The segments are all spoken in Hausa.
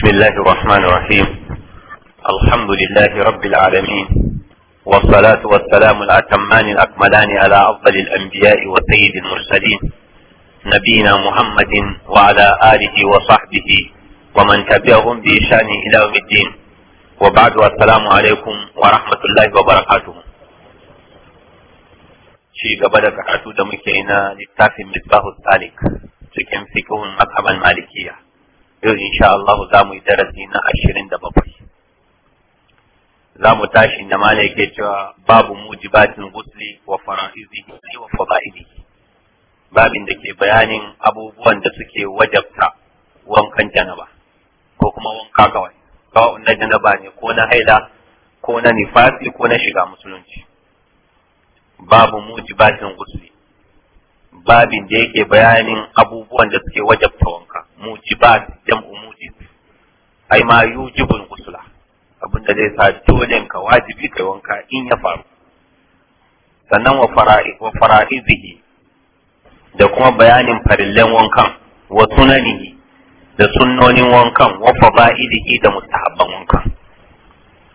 بسم الله الرحمن الرحيم الحمد لله رب العالمين والصلاة والسلام الأتمان الأكملان على أفضل الأنبياء وسيد المرسلين نبينا محمد وعلى آله وصحبه ومن تبعهم بإشان إلى يوم الدين وبعد السلام عليكم ورحمة الله وبركاته شيء قبل كعتو دمكينا للتافي مصباح السالك تكن فيكم المذهب المالكيه yau insha Allah za mu yi darasi na ashirin da bakwai za mu tashi da ma yake cewa babu mujibatin gusli wa ne wa fada'ihi babin da ke bayanin abubuwan da suke wajabta wankan janaba ko kuma wanka kawai kawai na janaba ne ko na haila ko na nifasi ko na shiga musulunci babu mujibatin gusli babin da yake bayanin abubuwan da suke wajabta wanka mujibat jam'u mujib ai ma yujibul abin da zai sa dole ka wajibi kai wanka in ya faru sannan wa fara'i wa fara'izihi da kuma bayanin farillan wankan wa sunanihi da sunnonin wankan wa fada'idihi da mustahabban wankan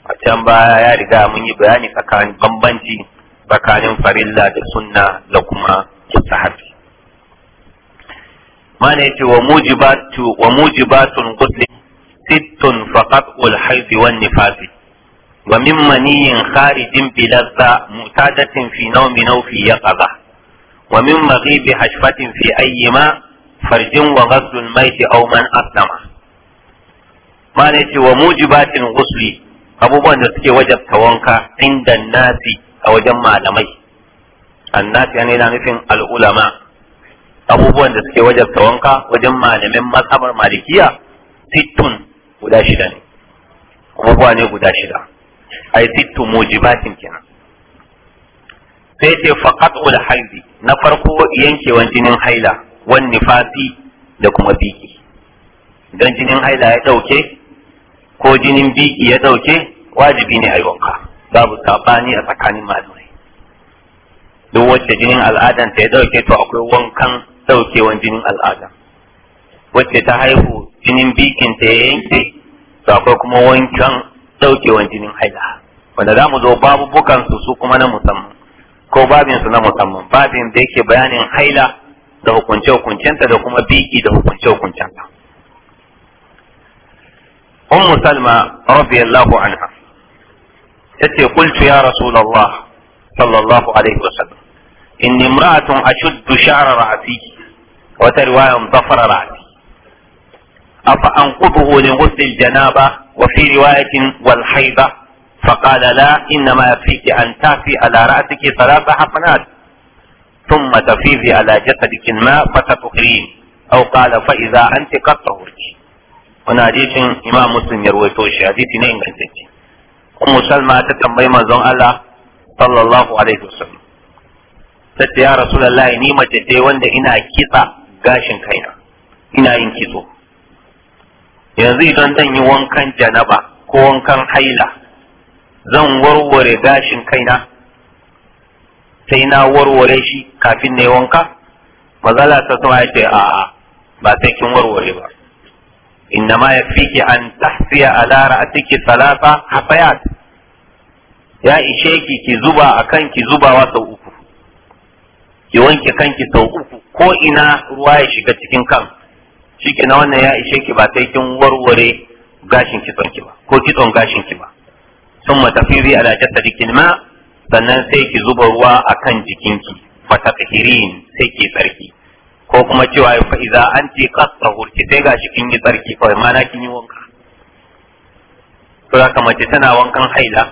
a can baya ya riga mun yi bayani tsakanin bambanci tsakanin farilla da sunna da kuma mustahabi mana yace wa mujibatu wa mujibatun ghusl sittun faqat ul hayd wan nifas wa min maniyyin kharijin bilazza mutadatin fi nawmi nawfi yaqadha wa min maghibi hashfatin fi ayyima farjin wa ghasl al mayt aw man aslama mana yace wa mujibatin ghusli abubuwan da suke wajabta wanka inda nasi a wajen malamai annasi na nufin al'ulama abubuwan da suke wajabta wanka wajen malamin mazhabar malikiya sittun guda shida ne abubuwa ne guda shida ai sittu mujibatin kenan sai ce faqat ul haidi na farko yankewan jinin haila wan nifasi da kuma biki idan jinin haila ya dauke ko jinin biki ya dauke wajibi ne ayi wanka babu sabani a tsakanin malamai duk wacce jinin al'adanta ya dauke to akwai wankan daukewan jinin al'ada wacce ta haihu jinin bikin ta yanke to akwai kuma wankan daukewan jinin haila wanda za mu zo babu bukansu su kuma na musamman ko babin su na musamman babin da yake bayanin haila da hukunce hukuncenta da kuma biki da hukunce hukuncenta أم سلمة رضي الله عنها تتي قلت يا رسول الله صلى الله عليه وسلم إني امرأة أشد شعر رأسي وترواية ظفر رأسي أفأنقضه لغسل الجنابة وفي رواية والحيضة فقال لا إنما يكفيك أن تعفي على رأسك ثلاث حقنات ثم تفيضي على جسدك الماء فتطهرين أو قال فإذا أنت قد طهرت هنا حديث إمام مسلم يرويته توشي حديث نين أم سلمى تتم من الله صلى الله عليه وسلم ta ce ya layi ni mace ce wanda ina kitsa gashin kaina ina yin kitso yanzu idan zan yi wankan janaba ko wankan haila zan warware gashin kaina sai na warware shi kafin na yi wanka mazala ta sama ya ce a'a ba sai kin warware ba inna ma yakfiki an tahfiya ala ra'atiki salasa hafayat ya isheki ki ki zuba akan ki zubawa sau uku ki wanke kanki sau uku ko ina ruwa ya shiga cikin kan ke na wannan ya ishe ki ba sai kin warware gashin kitson ki ba ko kitson gashin ki ba sun matafizi ala jikin ma sannan sai ki zuba ruwa akan jikinki fatatahirin sai ki tsarki ko kuma cewa fa iza anti kasta hurki sai gashi kin yi tsarki kawai mana kin yi wanka to kamar mace tana wankan haila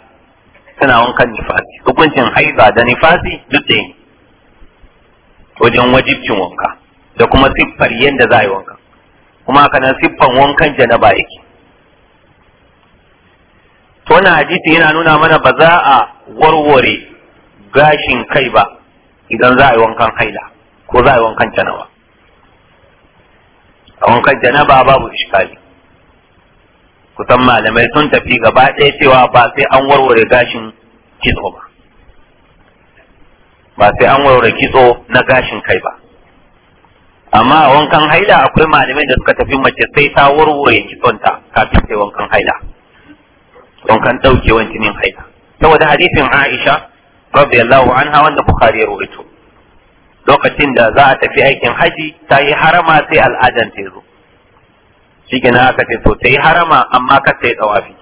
tana wankan nifasi hukuncin haila da nifasi duk ɗaya wajen wajibcin wanka da kuma siffar yadda za a yi wanka kuma haka nan siffan wankan janaba yake to wannan hadisi yana nuna mana ba za a warware gashin kai ba idan za a yi wankan haila ko za a yi wankan janaba a wankan janaba babu iskali kusan malamai sun tafi gaba ɗaya cewa ba sai an warware gashin kitso ba ba sai an waura kitso na gashin kai ba amma a wankan haila akwai malamai da suka tafi mace sai ta warware kitsonta kafin sai wankan haila wankan daukewan jinin haila saboda hadisin Aisha radiyallahu anha wanda Bukhari ya rubuto lokacin da za a tafi aikin haji ta yi harama sai al'adan ta zo shi aka ce to ta yi harama amma ka ta yi tsawafi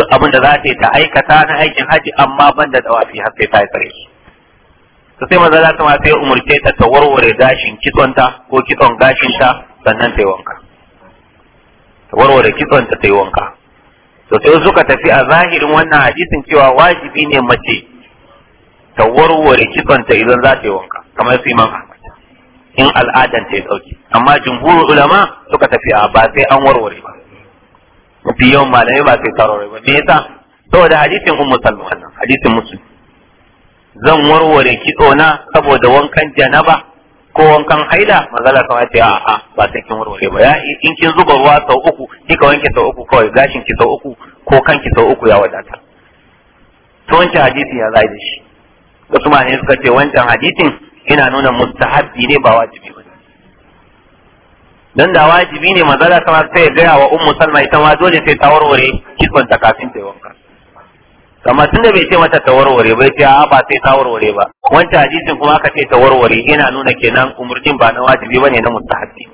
duk abin da za ta yi ta aikata na aikin haji amma ban da tsawafi har sai ta yi tsare to sai za ta ma sai umurce ta ta warware gashin kitsonta ko kitson gashinta sannan ta yi wanka ta warware kitsonta ta yi wanka to sai suka tafi a zahirin wannan hadisin cewa wajibi ne mace ta warware kitsonta idan za ta yi wanka kamar su imam Ahmad in al'adan ta ya sauki amma jumhurul ulama suka tafi a ba sai an warware ba mafi yawan malamai ba sai tarore ba me yasa saboda hadisin ummu salma wannan hadisin muslim zan warware kitso na saboda wankan janaba ko wankan haila manzala kama ce a a ba sai kin warware ba ya in kin zuba ruwa sau uku kika wanke sau uku kawai gashin ki sau uku ko kan ki sau uku ya wadata to wancan hadisin ya zai da shi wasu ma ne suka ce wancan hadisin ina nuna mustahabbi ne ba wajibi ba dan da wajibi ne manzala kama sai ya gaya wa ummu salma ita ma dole sai ta warware kitsonta kafin ta yi wanka amma da bai ce mata ta warware ba ce a ba sai ta warware ba wancan hadisin kuma aka ce ta warware yana nuna kenan umurjin ba na wajibi bane na mustahabi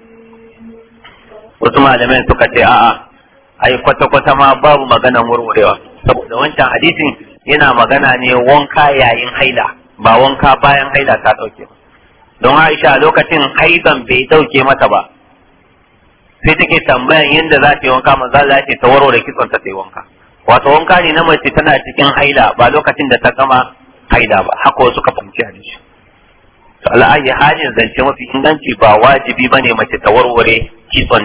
wasu malamai suka ce a'a ai kwata kwata ma babu magana warwarewa saboda wancan hadisin yana magana ne wanka yayin haila ba wanka bayan haila ta dauke ba don Aisha lokacin haidan bai dauke mata ba sai take tambayan yadda za ta yi wanka manzo Allah ya ce ta warware kitson ta yi wanka wato wanka ne na mace tana cikin haila ba lokacin da ta gama haila ba haka wasu ka fahimci abinci. to ala'ayi halin zance mafi inganci ba wajibi bane mace ta warware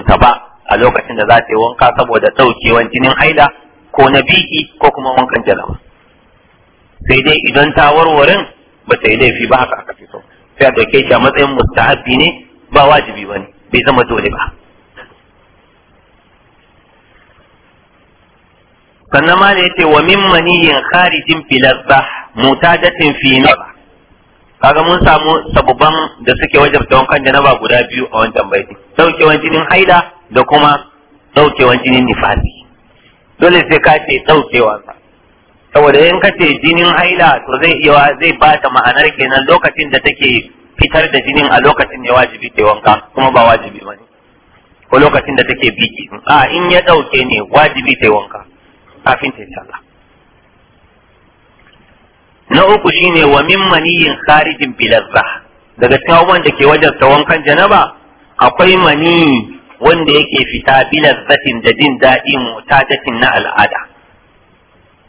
ta ba a lokacin da za ta yi wanka saboda ɗaukewan jinin haila ko na biki ko kuma wankan jalama sai dai idan ta warwarin ba ta yi laifi ba haka aka fi so sai a ɗauke shi a matsayin mustahabbi ne ba wajibi ba bai zama dole ba sannan ma ne yace wa min maniyin kharijin filazza mutajatin fi naba kaga mun samu sabuban da suke wajabta wankan janaba guda biyu a wancan baiti daukewan jinin haida da kuma daukewan jinin nifasi dole sai ka ce daukewa saboda in ka ce jinin haila to zai iya zai ba ta ma'anar kenan lokacin da take fitar da jinin a lokacin ne wajibi ke wanka kuma ba wajibi bane ko lokacin da take biki a in ya dauke ne wajibi ke wanka kafin ta yi sallah na uku shine wa min maniyin kharijin bilazza daga cikin abubuwan da ke wajen kan janaba akwai mani wanda yake fita bilazzatin da jin daɗi mutatatin na al'ada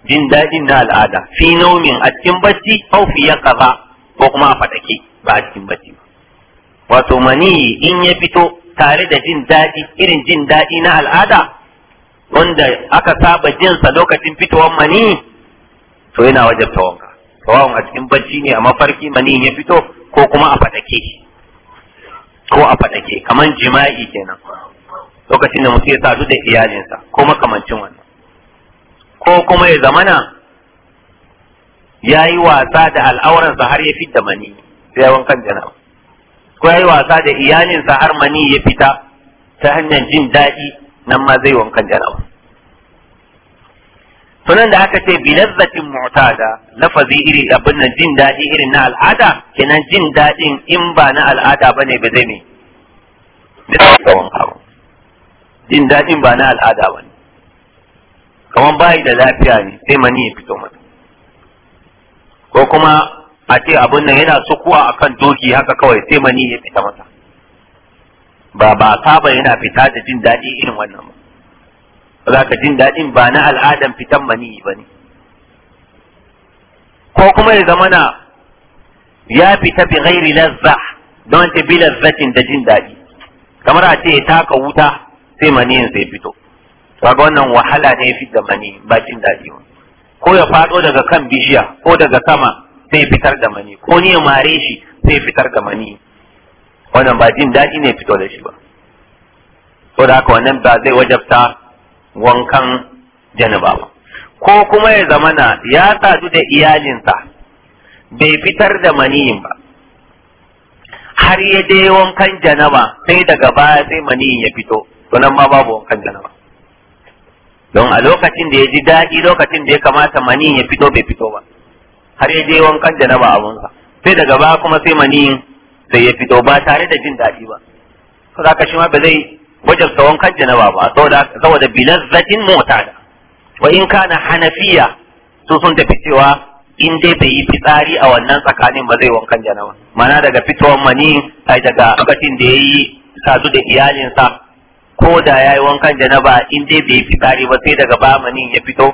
jin daɗin na al'ada fi naumin a cikin bacci ko fi ya kaza ko kuma a fadake ba a cikin bacci wato mani in ya fito tare da jin daɗi irin jin daɗi na al'ada wanda aka saba jinsa lokacin fitowar mani to yana wajabta wanka sawa'un a cikin bacci ne a mafarki mani ya fito ko kuma a fadake ko a fadake kaman jima'i kenan lokacin da mutum ya sadu da iyalinsa ko makamancin wannan ko kuma ya zamana ya yi wasa da al'auransa har ya fita mani sai ya wankan jana ko ya yi wasa da iyalinsa har mani ya fita ta hanyar jin daɗi nan ma zai wankan jana'u sunan da aka ce bilazzatin mu'tada lafazi iri abin nan jin daɗi irin na al'ada kenan jin daɗin in ba na al'ada bane ba zai me jin daɗin ba na al'ada bane kamar bayi da lafiya ne sai mani ya fito mata ko kuma a ce abin nan yana sukuwa akan doki haka kawai sai mani ya fita mata ba ba saba yana fita da jin daɗi irin wannan ba za ka jin daɗin ba na al'adan fitan maniyi ba ne ko kuma ya zama na ya fita bi ghairi lazza don ta bi lazzatin da jin daɗi kamar a ce ya taka wuta sai maniyin sai fito kaga wannan wahala ne fi da mani ba jin daɗi ba ko ya faɗo daga kan bishiya ko daga sama sai fitar da mani ko ni ya mare shi sai fitar da mani wannan ba jin daɗi ne fito da shi ba ko da haka wannan ba zai wajabta wankan janaba ba ko kuma ya zamana ya sadu da iyalinsa bai fitar da maniyin ba har ya dai wankan janaba sai daga baya sai maniyin ya fito to nan ma babu wankan janaba don a lokacin da ya ji daɗi lokacin da ya kamata maniyin ya fito bai fito ba har ya je wankan janaba abunsa sai daga baya kuma sai maniyin sai ya fito ba tare da jin daɗi ba za zaka shi ma ba zai tsawon kan janaba ba saboda saboda mota da wa in kana hanafiya su sun tafi cewa in dai bai yi fitsari a wannan tsakanin ba zai wankan janaba mana daga fitowar mani ai daga lokacin da ya yi sadu da iyalinsa ko da ya yi wankan janaba in dai bai yi fitsari ba sai daga ba ya fito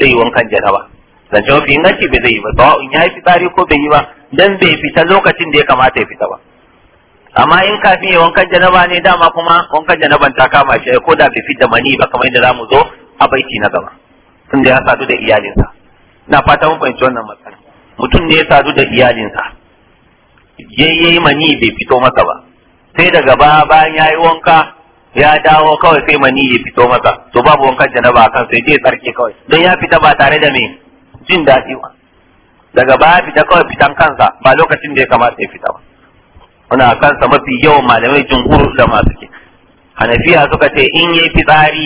zai yi wankan janaba zance mafi inganci bai zai yi ba sawa'un ya yi fitsari ko bai yi ba dan bai fita lokacin da ya kamata ya fita ba amma in kafin ya wankan janaba ne dama kuma wankan janaban ta kama shi ko da bai fita mani ba kamar yadda zamu zo a baiti na gaba tun da ya sadu da iyalinsa na fata mun fahimci wannan matsala mutum ne ya sadu da iyalinsa yayyayi mani bai fito masa ba sai daga ba bayan ya yi wanka ya dawo kawai sai mani ya fito masa to babu wankan janaba kan sai ya tsarki kawai don ya fita ba tare da me jin daɗi ba daga baya fita kawai fitan kansa ba lokacin da ya kamata ya fita ba muna kansa mafi yawan malamai jumhur da masu ke hanafiya suka ce in yi fitsari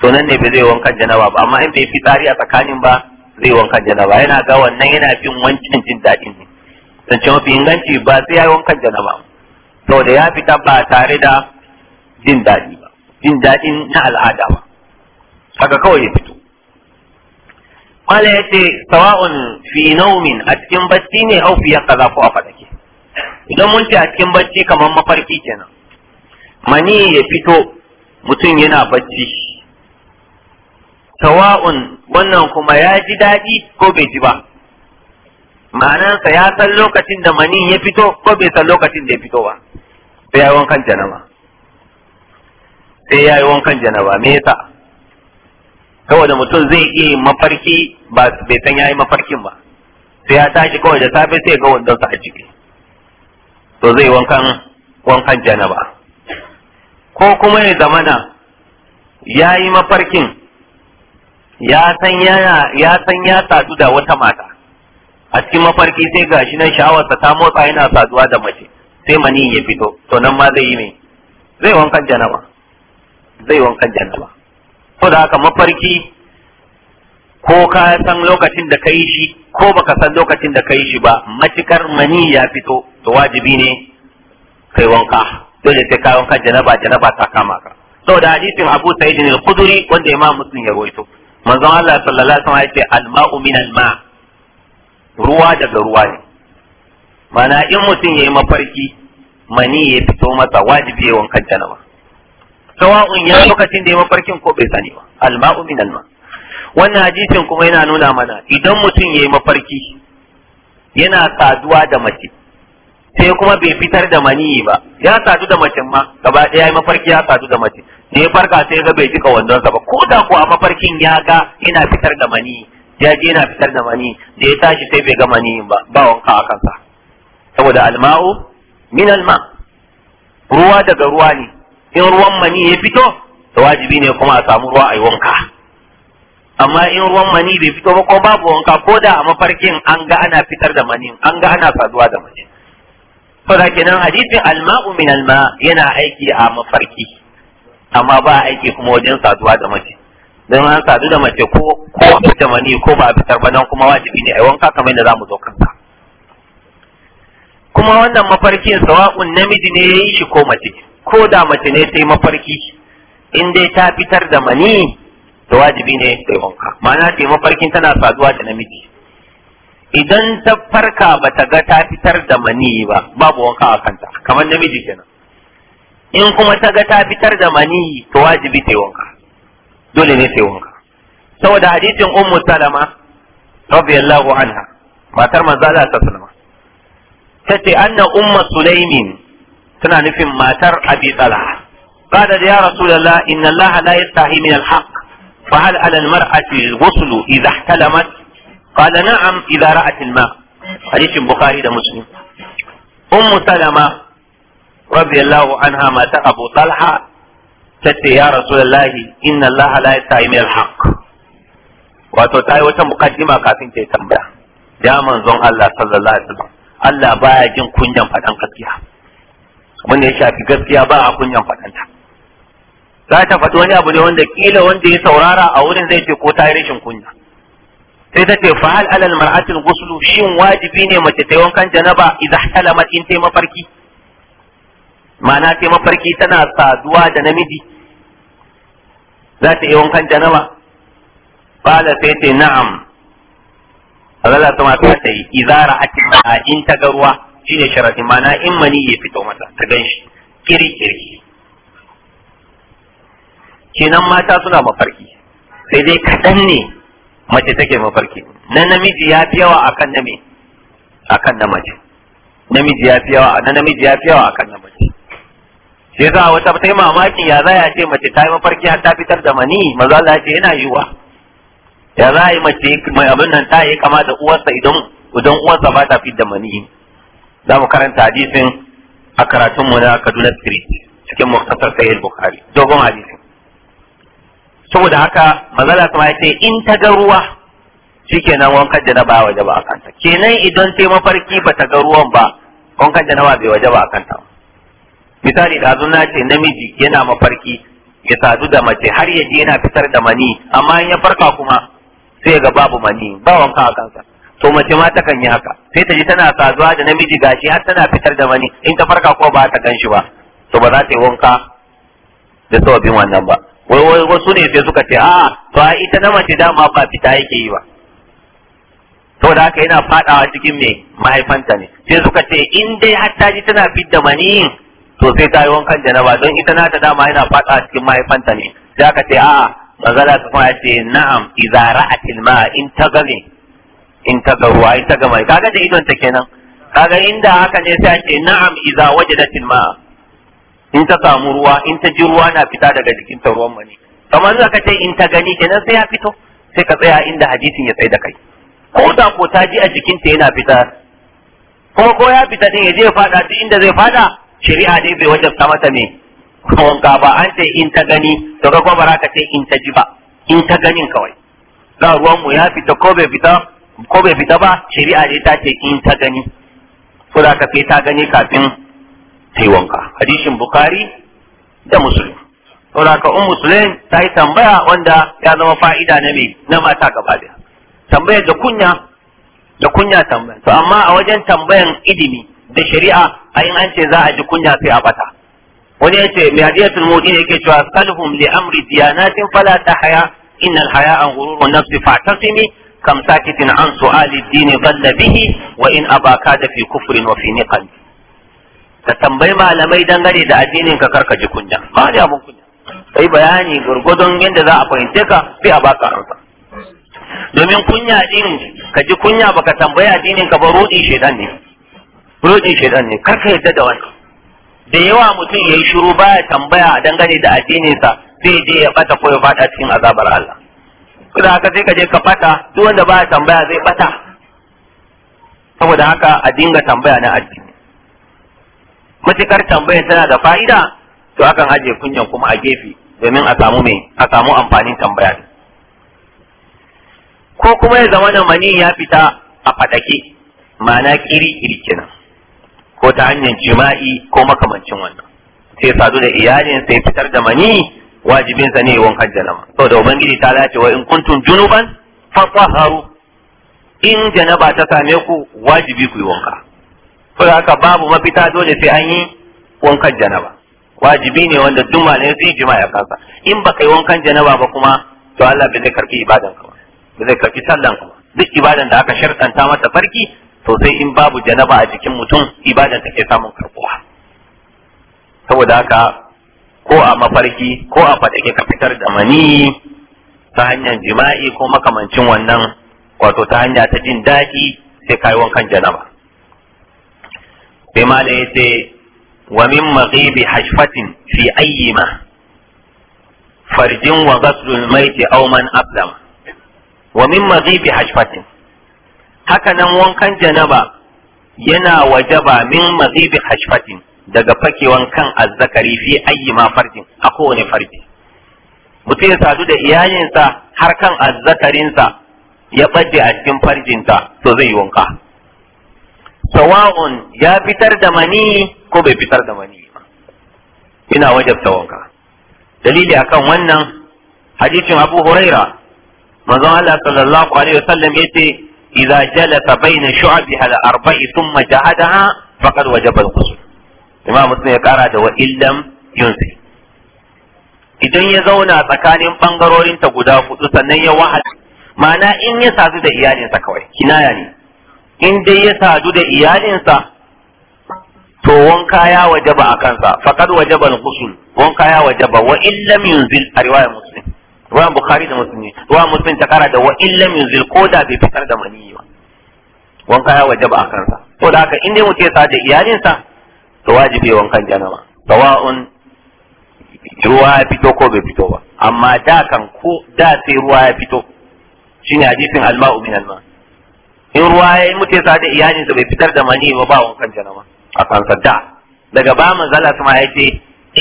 to nan ne bai zai wankan janaba ba amma in bai fitsari a tsakanin ba zai wankan janaba yana ga wannan yana bin wancan jin daɗin ne don ce mafi inganci ba sai ya yi wankan janaba da ya fita ba tare da jin daɗi ba jin daɗin na al'ada ba haka kawai ya fita mala ya ce sawa'un fi naumin a cikin bacci ne au fi kaza ko a faɗa ke. idan mun ce a cikin bacci kamar mafarki kenan mani ya fito mutum yana bacci sawa'un wannan kuma ya ji daɗi ko bai ji ba ma'anansa ya san lokacin da mani ya fito ko bai san lokacin da ya fito ba sai ya yi wankan janaba sai ya yi wankan janaba me yasa saboda mutum zai iya yin mafarki ba bai san yayi mafarkin ba sai ya tashi kawai da safe sai ga wandon sa a ciki to zai wankan wankan janaba ko kuma ya zamana yayi mafarkin ya san yana ya san ya sadu da wata mata a cikin mafarki sai gashi nan sha'awarsa ta motsa yana saduwa da mace sai mani ya fito to nan ma zai yi ne zai wankan janaba zai wankan janaba ko da haka mafarki ko ka san lokacin da ka yi shi ko baka san lokacin da ka yi shi ba macikar mani ya fito to wajibi ne kai wanka dole sai ka wanka janaba janaba ta kama ka saboda hadisin Abu Sa'id al-Khudri wanda Imam Muslim ya rawaito manzon Allah sallallahu alaihi wasallam ya al-ma'u min al-ma ruwa daga ruwa ne mana in mutum yayi mafarki mani ya fito masa wajibi ya wanka janaba sawa'un ya lokacin da ya mafarkin ko bai sani ba alma'u min alma wannan hadisin kuma yana nuna mana idan mutum ya yi mafarki yana saduwa da mace sai kuma bai fitar da maniyi ba ya sadu da mace ma gaba ɗaya ya mafarki ya sadu da mace da ya farka sai ga bai jika wandonsa ba ko da kuwa mafarkin ya ga yana fitar da maniyi ya je yana fitar da maniyi da ya tashi sai bai ga maniyi ba ba wanka a kansa saboda alma'u min alma ruwa daga ruwa ne in ruwan mani ya fito da wajibi ne kuma a samu ruwa a yi wanka amma in ruwan mani bai fito ba ko babu wanka ko da a mafarkin an ga ana fitar da mani an ga ana saduwa da mace saboda kenan hadisin alma'u min alma yana aiki a mafarki amma ba aiki kuma wajen saduwa da mace don an sadu da mace ko ko da mani ko ba a fitar ba nan kuma wajibi ne a wanka kamar yadda zamu zo kanka kuma wannan mafarkin sawa'un namiji ne ya yi shi ko mace ko da mace ne sai mafarki in dai ta fitar da mani da wajibi ne sai wanka ma'ana sai mafarkin tana saduwa da namiji idan ta farka ba ta ga ta fitar da mani ba babu wanka a kanta kamar namiji kenan in kuma ta ga ta fitar da mani to wajibi sai wanka dole ne sai wanka saboda hadisin ummu salama radiyallahu anha matar manzo Allah ta sallama tace anna ummu sulaimin tana nufin matar abi tsala qala ya rasulullah inna allah la yastahi min alhaq fa hal ala almar'ati alghusl idha ihtalamat qala na'am idha ra'at alma hadith bukhari da muslim ام سلمة رضي الله عنها ما ابو طلحة تتي يا رسول الله ان الله لا يستحي من الحق وتتاي وتم مقدمة كافين تيتم يا من زون الله صلى الله عليه وسلم الله بايا جن كن جن فدان قد abin da ya shafi gaskiya ba a kunyan faɗanta za ta faɗi wani abu ne wanda kila wanda ya saurara a wurin zai ce ko ta rashin kunya sai ta ce fa hal alal mar'atil ghuslu shin wajibi ne mace ta yi wankan janaba idan talamat in tai mafarki ma'ana tai mafarki tana saduwa da namiji za ta yi wankan janaba qala sai ta na'am Allah ta ma ta yi idza a in ta ga ruwa shine sharadi mana in mani ya fito mata ta ganshi kiri kiri kenan mata suna mafarki sai dai kaɗan ne mace take mafarki na namiji ya fi yawa akan na a kan na mace namiji ya fi yawa na namiji ya fi yawa kan na mace sai za wata ta yi mamakin ya za ya ce mace ta yi mafarki har ta fitar da mani maza za ce yana yiwa ya za yi mace mai abin nan ta yi kama da uwarsa idan idan uwarsa ba ta fitar da mani za mu karanta hadisin a karatunmu na Kaduna Street cikin Muktasar Sahih Bukhari dogon hadisi saboda haka mazala kuma ya ce in ta ga ruwa shikenan wankan da na ba waje ba a kanta kenan idan sai mafarki ba ta ga ruwan ba wankan da na ba bai waje ba a kanta misali da na ce namiji yana mafarki ya sadu da mace har yaje yana fitar da mani amma in ya farka kuma sai ga babu mani ba wanka a kansa to mace ma takan yi haka sai ta ji tana saduwa da namiji gashi har tana fitar da wani in ta farka ko ba ta ganshi ba to ba za ta yi wanka da sababin wannan ba wai wai wasu ne sai suka ce a'a to a ita na mace dama ba fita yake yi ba to da haka yana fadawa cikin me mahaifanta ne sai suka ce in dai har ta ji tana fitar da mani to sai ta yi wankan janaba don ita na ta dama yana fadawa cikin mahaifanta ne sai aka ce a'a manzala su kuma ya ce na'am idza ra'atil ma in ta gane in ta ga ruwa in ta ga gama kaga da idon ta kenan kaga inda haka ne sai ake na'am idza wajadatil ma'a in ta samu ruwa in ta ji ruwa na fita daga jikin ta ruwan mani kamar za ka ce in ta gani kenan sai ya fito sai ka tsaya inda hadisin ya tsaye da kai ko da ko ta ji a jikin ta yana fita ko ko ya fita din ya je fada duk inda zai fada shari'a dai bai wajabta mata ne wanka ba an ce in ta gani to ga kuma ba ka ce in ta ji ba in ta ganin kawai za ruwan mu ya fita ko bai fita ko bai fita ba shari'a ne ta ce in ta gani ko da ka ta gani kafin ta yi wanka hadishin bukari da musulun ko da ka umu sulaim ta yi tambaya wanda ya zama fa'ida na mai na mata gaba da tambayar da kunya da kunya tambaya to amma a wajen tambayan ilimi da shari'a a yin an ce za a ji kunya sai a bata wani ya ce mai hadiyatul mudi ne yake cewa salhum li amri diyanatin fala haya innal haya an ghururun nafsi fa'tasimi كم ساكت عن سؤال الدين ضل به وإن أبا كاد في كفر وفي نقل ka tambayi malamai dangane da addinin ka ككرك ji kunya ba أبو abun kunya بياني bayani عند ذا za a fahimce ka كارتا a domin kunya din ka ji kunya baka tambayi addinin ka ba rodi shedan ne rodi shedan ne karka yadda da wani. da yawa mutum yayi shiru baya tambaya dangane da addinin sa sai je ya bata ko ya fada cikin azabar Allah saboda haka sai ka je ka fata, duk wanda ba tambaya zai bata saboda haka a dinga tambaya na addini matukar tambayar tana da fa'ida to akan aje kunya kuma a gefe domin a samu mai a samu amfanin tambaya ko kuma ya zama mani ya fita a fadake ma'ana kiri kiri kenan ko ta hanyar jima'i ko makamancin wannan sai sadu da iyalin sai fitar da mani wajibin sa ne yawan hajji nama saboda ubangiji ta lace wa in kuntum junuban tahharu in janaba ta same ku wajibi ku yi wanka saboda haka babu mafita dole sai an yi wankan janaba wajibi ne wanda duk malai sai jima'a ya kasa in baka yi wankan janaba ba kuma to Allah bai karfi ibadan ka ba zai karfi sallan ka duk ibadan da aka shartanta mata farki to sai in babu janaba a jikin mutum ibadan take samun karbuwa saboda haka ko a mafarki ko a faɗa ka fitar da mani ta hanyar jima'i ko makamancin wannan wato ta hanya ta jin daɗi sai kayi wankan janaba sai ma da yace wa min maghibi hashfatin fi ayyima farjin wa ghaslul maiti aw man abdam wa min maghibi hashfatin haka nan wankan janaba yana wajaba min maghibi hashfatin daga fakewan kan azzakari fi ayyi ma farjin a kowane farji mutum ya sadu da iyalinsa har kan azzakarinsa ya ɓace a cikin farjinta to zai yi wanka sawa'un ya fitar da mani ko bai fitar da mani ba ina wajabta wanka dalili akan wannan hadisin abu huraira manzon Allah sallallahu alaihi wasallam yace idza jalasa baina shu'abiha al-arba'i thumma jahadaha faqad wajaba al-ghusl imam muslim ya kara da wa illam yunsi idan ya zauna tsakanin bangarorin ta guda hudu sannan ya wahala. ma'ana in ya sadu da iyalinsa kawai kinaya ne in dai ya sadu da iyalinsa to wanka ya wajaba a kansa faqad wajaba al-ghusl wanka ya wajaba wa illam yunzil a riwayar muslim ruwan bukhari da muslim ruwan muslim ta kara da wa illam yunzil ko da bai fitar da maniyyi ba wanka ya wajaba a kansa to da haka in dai mutum ya sadu da iyalinsa to wajibi wankan janaba sawa'un ruwa ya fito ko bai fito ba amma da kan ko da sai ruwa ya fito shine hadisin alma'u min alma in ruwa ya mutu sa da iyalinsa bai fitar da mani ba ba wankan janaba a kan sadda daga ba manzala kuma ya ce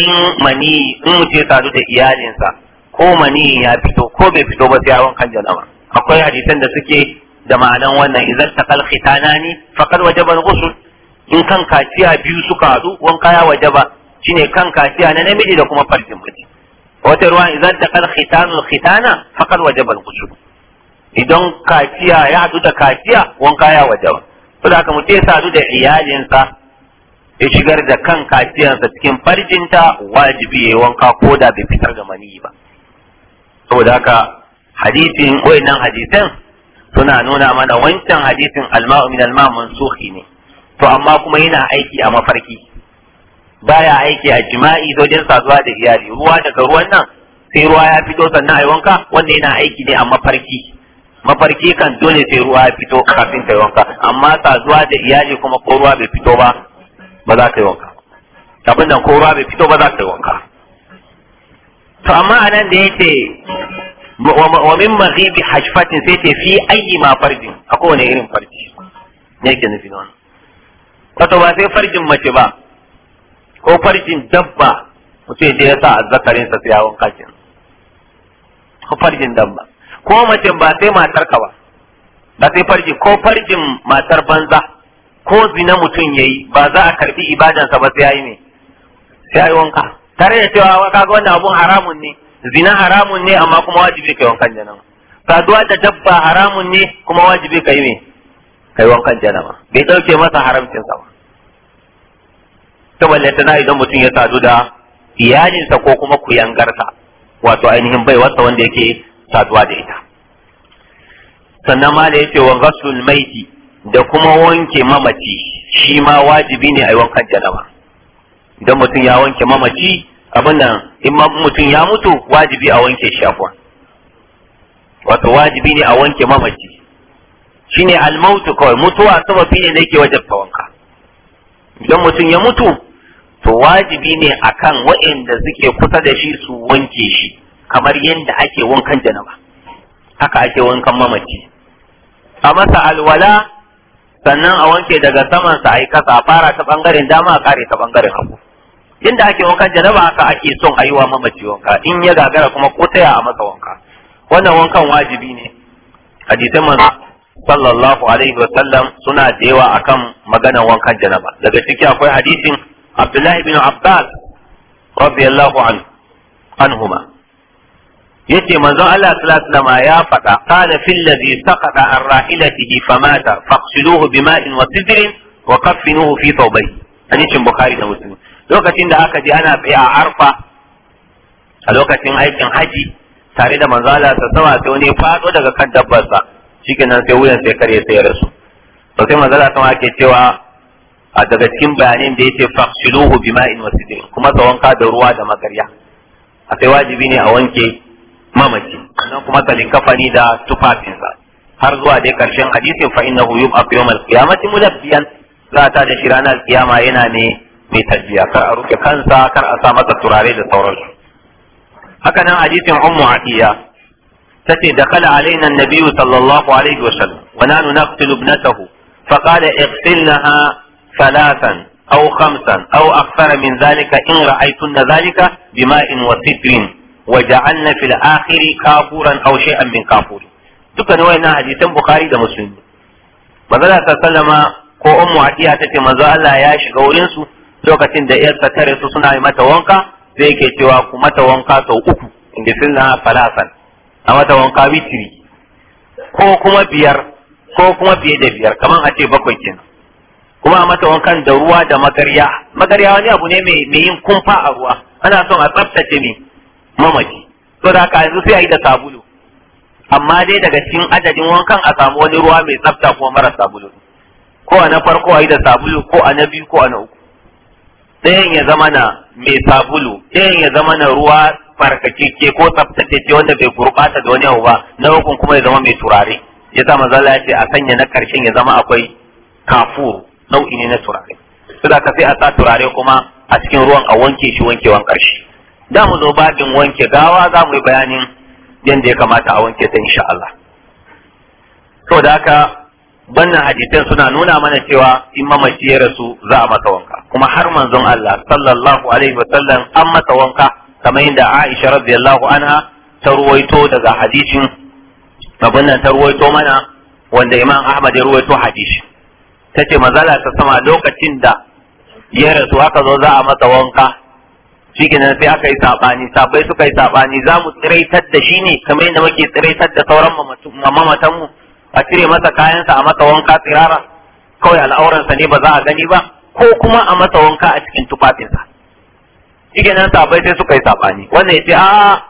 in mani in mutu sa sadu da iyalinsa ko mani ya fito ko bai fito ba sai ya wankan janaba akwai hadisan da suke da ma'anan wannan idan takal khitanani faqad wajaba al-ghusl in kan kaciya biyu suka haɗu wanka ya shi ne kan kaciya na namiji da kuma farjin mace wata ruwan idan da kan khitanul khitana faqad waje ban ghusl idan kaciya ya haɗu da kaciya wanka ya ba. to da mu ce sadu da iyalinsa ya shigar da kan kaciyansa cikin farjinta wajibi ya wanka ko da bai fitar da maniyi ba saboda haka hadisin wayannan hadisan suna nuna mana wancan hadisin alma'u min alma'u mansukhi ne to amma kuma yana aiki a mafarki baya aiki a jima'i dojin sazuwa da iyali ruwa daga ruwan nan sai ruwa ya fito sannan ai wanka wanda yana aiki ne a mafarki mafarki kan dole sai ruwa ya fito kafin ta wanka amma sazuwa da iyali kuma ko ruwa bai fito ba ba za ka yi wanka abin nan ko ruwa bai fito ba za ka yi wanka to amma anan da ce wa min maghibi hashfatin sai ta fi ayi ma fardin akwai wani irin farji ne yake nufin wannan wato ba sai farjin mace ba ko farjin dabba mutum da ya sa zakarin sa sai ya ko farjin dabba ko mace ba sai matar ka ba ba sai farki ko farjin matar banza ko zina mutum yayi ba za a karbi ibadansa ba sai yayi ne sai yayi wanka tare da cewa kaga wannan abun haramun ne zina haramun ne amma kuma wajibi kai wankan janan saduwa da dabba haramun ne kuma wajibi kai ne kai wankan janaba bai dauke masa haramcin sa ba to balle tana idan mutum ya sadu da iyalinsa ko kuma kuyangarsa wato ainihin bai wasa wanda yake saduwa da ita sannan ma da yace wa ghasul maiti da kuma wanke mamaci shi ma wajibi ne a yi wankan janaba idan mutum ya wanke mamaci abin nan in mutum ya mutu wajibi a wanke shafuwa wato wajibi ne a wanke mamaci shine almautu kawai mutuwa sababi ne da yake wajabta wanka idan mutum ya mutu to wajibi ne akan waɗanda suke kusa da shi su wanke shi kamar yadda ake wankan janaba haka ake wankan mamaci a masa alwala sannan a wanke daga saman sa ai kasa fara ta bangaren dama a kare ta bangaren hagu yadda ake wankan janaba haka ake son a yi wa mamaci wanka in ya gagara kuma ko taya a masa wanka wannan wankan wajibi ne hadisan manzo sallallahu alaihi wa sallam suna da yawa akan maganan wankan janaba daga ciki akwai hadisin Abdullahi bin Abbas radiyallahu anhu anhuma yace manzon Allah sallallahu alaihi ya faɗa kana fil ladhi saqata an rahilatihi famata faqsiluhu bima'in wa sidrin wa kaffinuhu fi thawbayhi hadisin Bukhari da Muslim lokacin da aka je ana tsaye a Arfa a lokacin aikin haji tare da manzon Allah sallallahu alaihi wasallam sai wani faɗo daga kan dabbarsa shikenan sai wuyan sai kare sai ya rasu to sai manzala sama ake cewa a daga cikin bayanin da yace fakhshiluhu bima'in wa sidin kuma ka wanka da ruwa da magarya a sai wajibi ne a wanke mamaci sannan kuma salin kafani da tufafinsa har zuwa dai karshen hadisin fa innahu yub'athu yawm qiyamati mulabbiyan za ta da shi ranar kiyama yana ne mai tarbiya kar a rufe kansa kar a sa masa turare da sauransu haka nan hadisin ummu atiya تتي دخل علينا النبي صلى الله عليه وسلم ونحن نقتل ابنته فقال اقتلنها ثلاثا أو خمسا أو أكثر من ذلك إن رأيتن ذلك بماء وستر وجعلنا في الآخر كافورا أو شيئا من كافور dukkan wayannan hadisan bukhari da muslim manzala sallama ko ummu ta tace manzo Allah ya shiga wurin su lokacin da yarsa tare su suna yi mata wanka zai ke cewa ku mata wanka sau uku inda na falasan a mata wanka witiri ko kuma biyar ko kuma biye da biyar kamar a ce bakwai kenan kuma a mata wankan da ruwa da magarya magarya wani abu ne mai yin kumfa a ruwa ana son a tsaftace ne mamaci to da haka yanzu sai a yi da sabulu amma dai daga cikin adadin wankan a samu wani ruwa mai tsafta kuma mara sabulu ko a na farko a yi da sabulu ko a na biyu ko a na uku ɗayan ya zama na mai sabulu ɗayan ya zama na ruwa farkakeke ko ce wanda bai gurbata da wani abu ba na hukun kuma ya zama mai turare ya sa manzala ya ce a sanya na karshen ya zama akwai kafuru nau'i ne na turare saboda ka sai a sa turare kuma a cikin ruwan a wanke shi wankewan karshe da mu zo bakin wanke gawa za mu yi bayanin yadda ya kamata a wanke ta insha Allah saboda haka wannan hadisan suna nuna mana cewa in mamaci ya rasu za a masa wanka kuma har manzon Allah sallallahu alaihi wa sallam an masa wanka kamar yadda Aisha radiyallahu anha ta ruwaito daga hadisin abin nan ta ruwaito mana wanda Imam Ahmad ya ruwaito hadisi tace mazala ta sama lokacin da ya rasu aka zo za a masa wanka shi nan sai aka yi sabani sabai suka yi sabani za mu tsiraitar da shi ne kamar yadda muke tsiraitar da sauran mamatanmu a cire masa kayansa a masa wanka tsirara kawai al'auransa ne ba za a gani ba ko kuma a masa wanka a cikin tufafinsa shi nan sabai sai suka yi sabani wannan yace a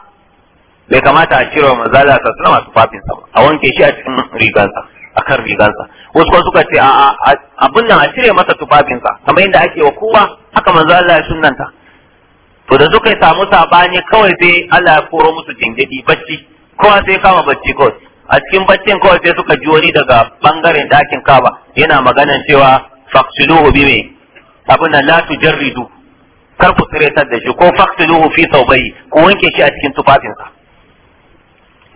bai kamata a cire manzala ta suna masu fafin sa a wanke shi a cikin rigansa a kan rigansa wasu kuma suka ce a abin nan a cire masa tufafinsa kamar yadda ake wa kowa haka manzo Allah ya sunanta, to da suka samu sabani kawai sai Allah ya koro musu jingidi bacci kowa sai kama bacci kawai a cikin baccin kawai sai suka ji wani daga bangaren dakin kaba yana maganan cewa faksiluhu bi mai abin nan la tujarridu kar ku tsiretar da shi ko faktiluhu fi saubai ku wanke shi a cikin tufafinsa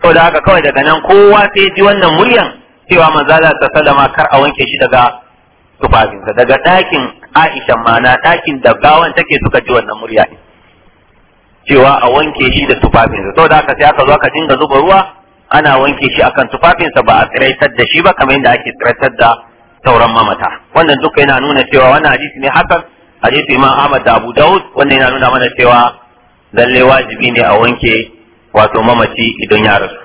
to da haka kawai daga nan kowa sai ji wannan muryan cewa za ta sallama kar a wanke shi daga tufafinsa daga ɗakin Aisha mana ɗakin da gawan take suka ji wannan murya cewa a wanke shi da tufafinsa to da haka sai aka zo aka dinga zuba ruwa ana wanke shi akan tufafinsa ba a tsiraitar da shi ba kamar yadda ake tsiraitar da sauran mamata wannan duka yana nuna cewa wannan hadisi ne hakan hadisi ma ahmad da abu daud wannan yana nuna mana cewa lalle wajibi ne a wanke wato mamaci idan ya rasu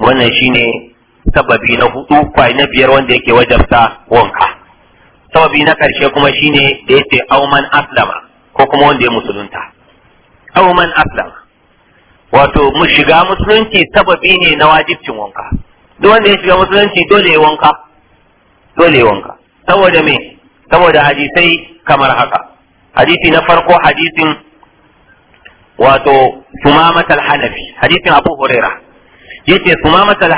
wannan shine sababi na hudu kwai na biyar wanda yake wajabta wanka sababi na karshe kuma shine da yace auman aslama ko kuma wanda ya musulunta auman aslama wato mu shiga musulunci sababi ne na wajibcin wanka duk wanda ya shiga musulunci dole ya wanka dole ya wanka saboda me saboda hadisai kamar haka hadisi na farko hadisin wato sumamat al hadisin abu huraira yace sumamat al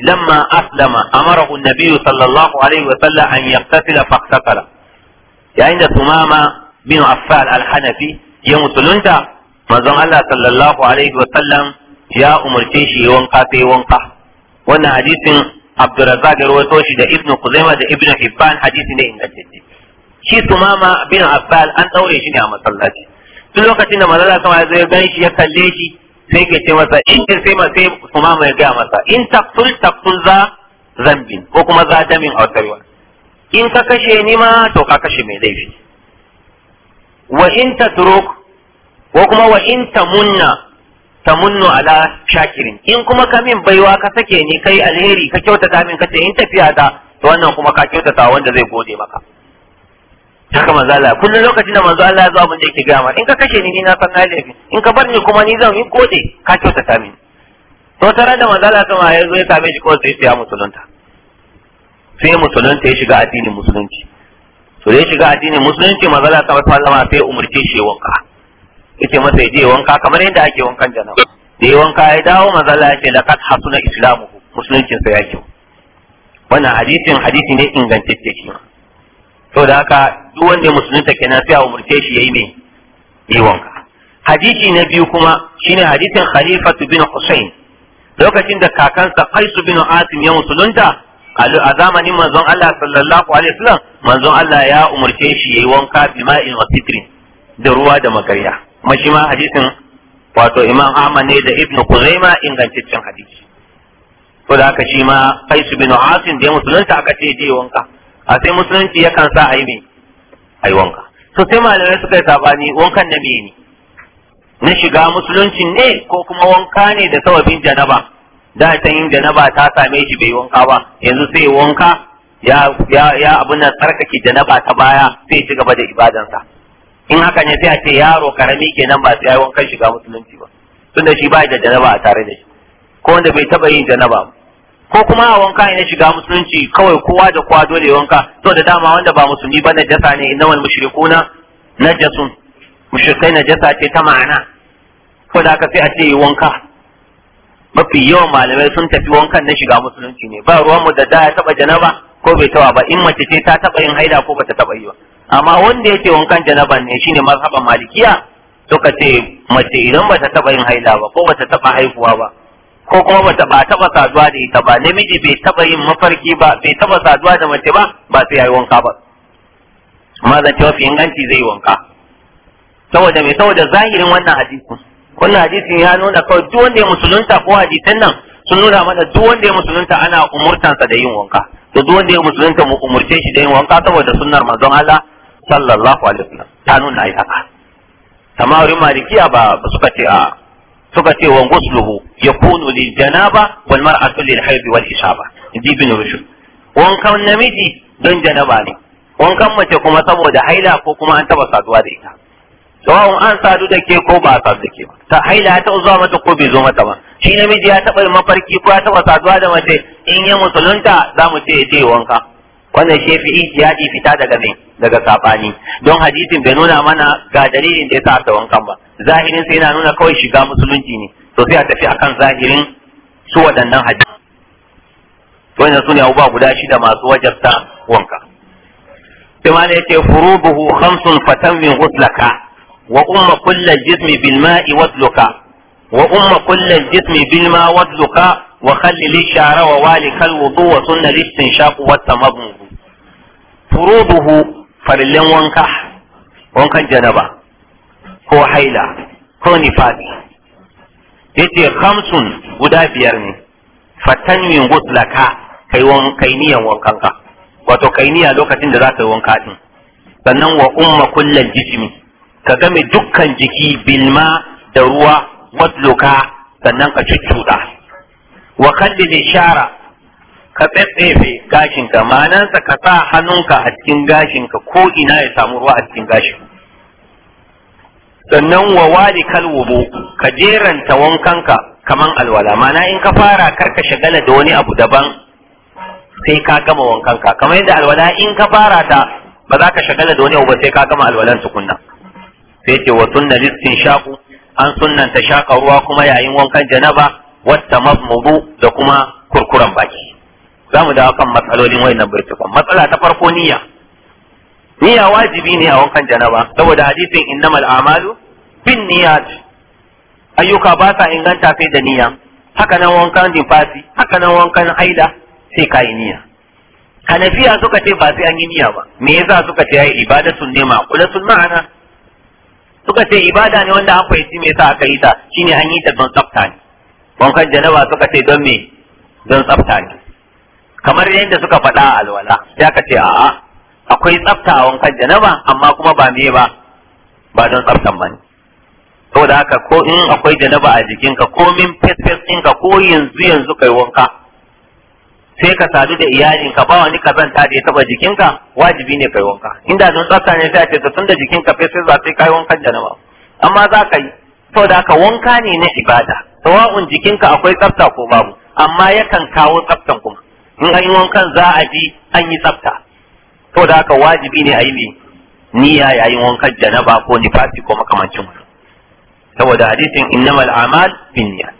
lamma aslama amarahu sallallahu alaihi wa sallam an yaqtasila faqtasala yayin da sumama bin affal ya musulunta manzon Allah sallallahu alaihi wa sallam ya umarce shi wanka sai wanka wannan hadisin Abdurrazzaq ya rawaito shi da Ibn Khuzaimah da Ibn Hibban hadisi ne ingantacce shi sumama bin abbal an daure shi ne a masallaci duk lokacin da manzon sama ya zai ya gan shi ya kalle shi sai ke ce masa in ce sai sai sumama ya gaya masa in taqtul taqtul za zambin ko kuma za damin autarwa in ka kashe ni ma to ka kashe mai laifi wa in ta turok ko kuma wa in ta munna ta tamunnu ala shakirin in kuma ka min baiwa ka sake ni kai alheri ka kyautata min kace in tafiya ta to wannan kuma ka kyautata wanda zai gode maka haka manzo Allah kullum lokacin da manzo Allah ya zo abin da yake gaya in ka kashe ni ni na san na laifi in ka bar ni kuma ni zan yi gode ka kyauta ta mini to tare da manzo Allah sama ya zo ya same shi ko sai ya musulunta sai musulunta ya shiga addinin musulunci to ya shiga addinin musulunci manzo Allah sama sallama sai umurce shi wanka yace masa je wanka kamar yadda ake wankan janaba da ya wanka ya dawo manzo Allah ya ce laqad hasuna musulunci musuluncinsa ya kyau wannan hadisin hadisi ne ingantacce kenan to da haka duk wanda ya musulunta kenan sai a umurce shi yayi me yi wanka hadisi na biyu kuma shine hadisin khalifatu bin Husayn lokacin da kakansa Qais bin Asim ya musulunta a zamanin manzon Allah sallallahu alaihi wasallam manzon Allah ya umurce shi yayi wanka ma'in wa sitrin da ruwa da magarya kuma shi ma hadisin wato Imam Ahmad ne da Ibnu Khuzaima ingantaccen hadisi ko da haka shi ma Qais bin Asim da ya musulunta aka ce je wanka a sai musulunci yakan sa a yi a wanka so sai malamai suka yi sabani wankan na me ne na shiga musulunci ne ko kuma wanka ne da sababin janaba da ta yin janaba ta same shi bai wanka ba yanzu sai wanka ya ya ya abin nan tsarkake janaba ta baya sai ci gaba da ibadansa in haka ne sai a ce yaro karami kenan ba sai wankan shiga musulunci ba tunda shi ba da janaba a tare da shi ko wanda bai taba yin janaba ba ko kuma a wanka ne shiga musulunci kawai kowa da kowa dole wanka to da dama wanda ba musulmi ba na jasa ne innamal mushrikuna najasun mushrikai na jasa ce ta ma'ana ko da aka sai a ce wanka mafi yawan malamai sun tafi wankan na shiga musulunci ne ba ruwan mu da da ya taba janaba ko bai tawa ba in mace ce ta taba yin haida ko bata taba yi ba amma wanda yake wankan janaba ne shine mazhaban malikiya ka ce mace idan bata taba yin haida ba ko bata taba haihuwa ba ko kuma bata ba taba saduwa da ita ba namiji bai taba yin mafarki ba bai taba saduwa da mace ba ba sai yayi wanka ba amma zan ce mafi inganci zai wanka saboda mai saboda zahirin wannan hadisi wannan hadisin ya nuna kawai duk wanda ya musulunta ko hadisin nan sun nuna mana duk wanda ya musulunta ana umurtansa da yin wanka to duk wanda ya musulunta mu umurce shi da yin wanka saboda sunnar manzon Allah sallallahu alaihi wasallam ta nuna ai haka amma wurin malikiya ba suka ce a suka ce wa ghusluhu yakunu lil janaba wal mar'atu lil hayd wal isaba ibn rushd wankan namiji don janaba ne wankan mace kuma saboda haila ko kuma an taba saduwa da ita sawa'un an sadu da ke ko ba a sadu da ke ba ta haila ta zuwa mata ko bai zo mata ba shi namiji ya taba mafarki ko ya taba saduwa da mace in ya musulunta za mu ce ya ce wanka wannan shafi'i ya fita daga me daga sabani don hadisin bai nuna mana ga dalilin da ya sa ta wankan ba zahirin sai yana nuna kawai shiga musulunci ne to sai a tafi akan zahirin su waɗannan hadisi wannan sune abubuwa guda shida masu wajabta wanka sai ma yake furubuhu khamsun min ghuslaka wa umma kullu jismi bil ma'i wadluka wa umma kullu jismi bil ma'i wadluka wa li shara wa walikal wudu wa li istinshaq wa tamabbu furubuhu farillan wanka wankan janaba ko haila ko nifasi yace khamsun guda biyar ne fatan fatanwin gutlaka kai won kai niyan wankanka wato kai niya lokacin da za ka yi wanka din sannan wa umma kullal jismi ka game dukkan jiki bilma da ruwa wadluka sannan ka cuccuda wa kallil shara ka tsatsefe gashinka ma'anansa ka sa hannunka a cikin gashinka ko ina ya samu ruwa a cikin gashin sannan wa wali kalwubu ka jeranta wankanka kaman alwala mana in ka fara karka shagala da wani abu daban sai ka gama wankanka kamar yadda alwala in ka fara ta ba za ka shagala da wani abu ba sai ka gama alwalan tukunna sai ce wa sunna listin shaku an sunnanta shaka ruwa kuma yayin wankan janaba wata mazmudu da kuma kurkuran baki za mu dawo kan matsalolin wayannan birtukan matsala ta farko niyya niyya wajibi ne a wankan janaba saboda hadisin innamal a'malu bin niyyat ayyuka ba sa inganta sai da niyya haka nan wankan difasi haka nan wankan aida sai ka yi niyya hanafiya suka ce ba sai an yi niyya ba me yasa suka ce ai ibadatun ne sun ma'ana suka ce ibada ne wanda an fahimci me yasa aka yi ta shine an yi ta don tsafta ne wankan janaba suka ce don me don tsafta ne kamar yadda suka faɗa a alwala sai aka ce a'a akwai tsafta a wankan janaba amma kuma ba me ba ba don tsaftan ba ne saboda haka ko in akwai janaba a jikinka ko min fesfes ɗinka ko yanzu yanzu kai wanka sai ka sadu da iyalinka ba wani kazanta da ya taba jikinka wajibi ne kai wanka inda don tsafta ne sai a ce to tunda jikinka fesfes ba sai kai wankan janaba amma za ka yi saboda haka wanka ne na ibada sawa'un jikinka akwai tsafta ko babu amma yakan kawo tsaftan kuma in an yi wankan za a ji an yi tsafta to da haka wajibi ne a yi niyya yayin wankan janaba ko nifasi ko makamancin wani saboda hadisin innamal amal niyya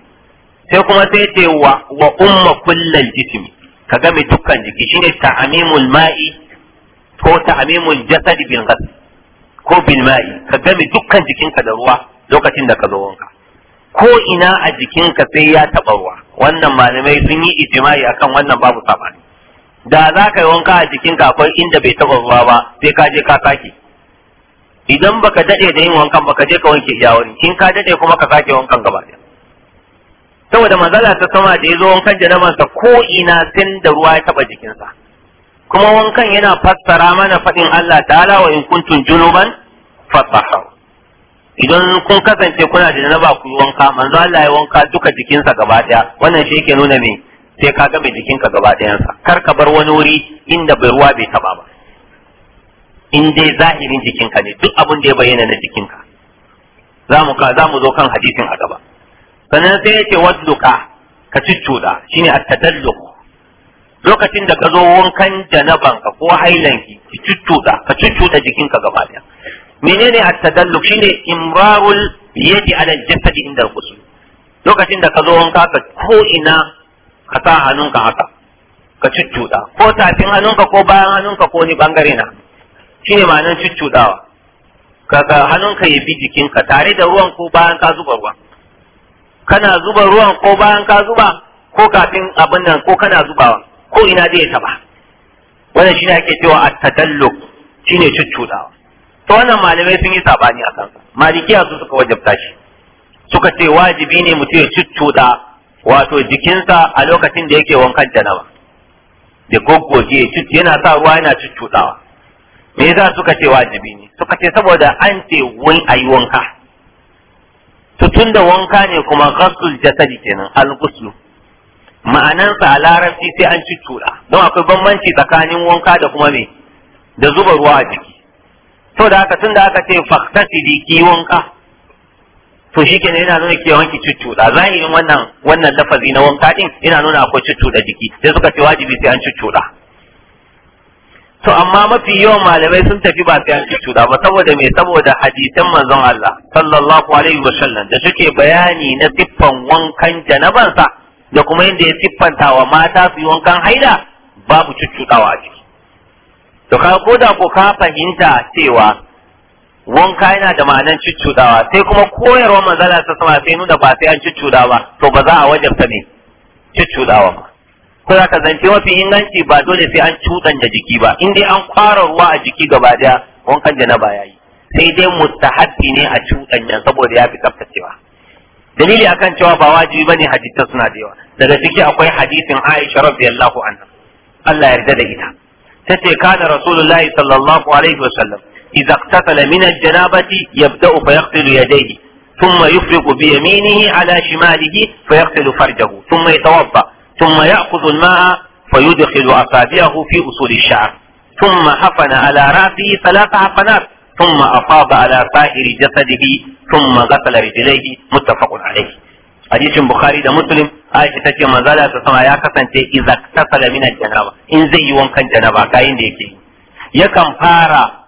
sai kuma sai ce wa wa umma kullal jismi ka mai dukkan jiki shine ta'amimul ma'i ko ta'amimul jasadi bil ghasl ko bil ma'i ka mai dukkan jikinka da ruwa lokacin da ka zo wanka ko ina a jikinka sai ya taba ruwa wannan malamai sun yi ijma'i akan wannan babu sabani da za ka yi wanka a jikin ka akwai inda bai taɓa ruwa ba sai ka je ka sake idan baka daɗe da yin wankan baka je ka wanke iya wani in ka daɗe kuma ka sake wankan gaba ɗaya saboda manzala ta sama da ya zo wankan janabansa ko ina sin da ruwa ya taɓa jikinsa kuma wankan yana fassara mana faɗin Allah ta'ala wa in kuntum junuban fasahu idan kun kasance kuna da ba ku yi wanka manzo Allah ya wanka duka jikinsa gaba ɗaya wannan shi yake nuna mai sai ka game jikinka gaba ɗayansa kar ka bar wani wuri inda bai ruwa bai taba ba in dai zahirin jikinka ne duk abin da ya bayyana na jikinka za mu ka za mu zo kan hadisin a gaba sannan sai yake wadduka ka cuccuda shine at-tadalluq lokacin da ka zo wankan janaban ka ko hailanki ki cuccuda ka cuccuda jikinka gaba ɗaya menene at-tadalluq shine imrarul yadi ala al-jasad inda al-ghusl lokacin da ka zo wanka ka ko ina ka sa hannunka haka ka cuccuɗa ko tafin hannunka ko bayan hannunka ko ni bangare na shine ma'anar cuccuɗawa kaga hannunka ya bi jikinka tare da ruwan ko bayan ka zuba ruwan kana zuba ruwan ko bayan ka zuba ko kafin abin nan ko kana zubawa ko ina zai taba wannan ne ake cewa at shi shine cuccuɗawa to wannan malamai sun yi sabani akan malikiya su suka wajabta shi suka ce wajibi ne mutum ya cuccuɗa wato jikinsa a lokacin da yake wankan janaba da goggoge yana sa ruwa yana cuccuɗawa me yasa suka ce wajibi ne suka ce saboda an ce wai ayi wanka to tunda wanka ne kuma ghassul jasadi kenan al-ghusl ma'anansa a larabci sai an cuccuɗa don akwai bambanci tsakanin wanka da kuma me da zuba ruwa a jiki to da haka tunda aka ce faktasidi ki wanka to shi kenan yana nuna kewan ki cuccuɗa zahirin wannan wannan lafazi na wanka din yana nuna akwai cuccuɗa jiki sai suka ce wajibi sai an cuccuɗa to amma mafi yawan malamai sun tafi ba sai an cuccuɗa ba saboda me saboda hadisan manzon Allah sallallahu alaihi wa sallam da suke bayani na siffan wankan janabansa da kuma yadda ya siffanta wa mata su wankan haida babu cuccuɗawa a ciki to ka ko ko ka fahimta cewa wanka yana da ma'anan cuccudawa sai kuma koyarwar manzala ta sama sai nuna ba sai an cuccuda ba to ba za a wajabta ne cuccudawa ba ko za ka zance mafi inganci ba dole sai an cutan da jiki ba in dai an kwara ruwa a jiki gaba daya wankan da na ba yayi sai dai mustahabbi ne a cuɗanya saboda ya fi tsaftacewa dalili akan cewa ba wajibi bane hadisan suna da yawa daga ciki akwai hadisin Aisha radiyallahu anha Allah ya yarda da ita tace kana rasulullahi sallallahu alaihi wasallam إذا اقتفل من الجنابة يبدأ فيغسل يديه ثم يفرق بيمينه على شماله فيغسل فرجه ثم يتوضأ ثم يأخذ الماء فيدخل أصابعه في أصول الشعر ثم حفن على رأسه ثلاث حفنات ثم أفاض على سائر جسده ثم غسل رجليه متفق عليه حديث البخاري ده مسلم عائشة تجي ما زال تسمع يا كسنتي إذا اغتسل من الجنابة إن زي وان كان جنابة كاين ديكي كم فارا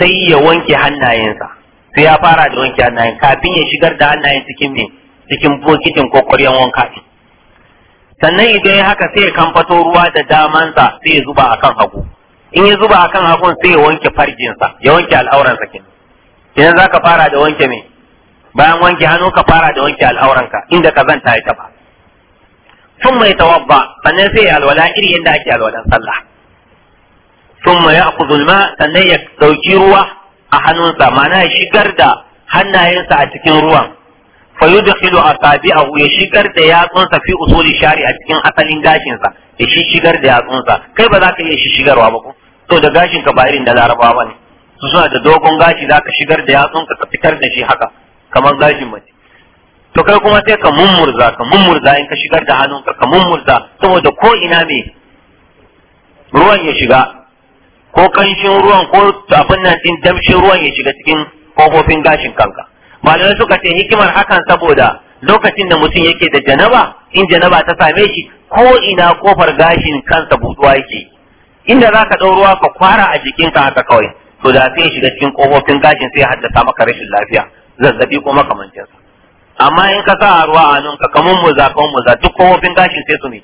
sai ya wanke hannayensa sai ya fara da wanke hannayen kafin ya shigar da hannayen cikin me cikin bokitin ko ƙwaryan wanka sannan idan ya haka sai ya kamfato ruwa da damansa sai ya zuba akan hagu in ya zuba akan hagun sai ya wanke farjinsa ya wanke al'auransa kenan idan zaka fara da wanke me bayan wanke hannu ka fara da wanke al'auranka inda ka zanta ya taba sun mai tawabba sannan sai ya alwala iri yadda ake alwalan sallah thumma ya'khudhu al sannan ya dauki ruwa a hannunsa ma'ana ya shigar da hannayensa a cikin ruwan fa yudkhilu asabi'ahu ya shigar da yatsunsa fi usuli shari a cikin asalin gashinsa ya shi shigar da yatsunsa kai ba za ka iya shi shigarwa ba ko to da gashin ba irin da larabawa ba ne su suna da gashi za ka shigar da yatsunka ka da shi haka kamar gashin to kai kuma sai ka mummurza ka mummurza in ka shigar da hannunka ka mummurza saboda ko ina me ruwan ya shiga ko kanshin ruwan ko abin nan din damshin ruwan ya shiga cikin kofofin gashin kanka malamai suka ce hikimar hakan saboda lokacin da mutum yake da janaba in janaba ta same shi ko ina kofar gashin kansa buɗuwa yake inda za ka ɗau ruwa ka kwara a ka haka kawai to da sai shiga cikin kofofin gashin sai haddasa maka rashin lafiya zazzabi ko sa amma in ka sa a ruwa a nan ka kamun muza kamun muza duk kofofin gashin sai su ne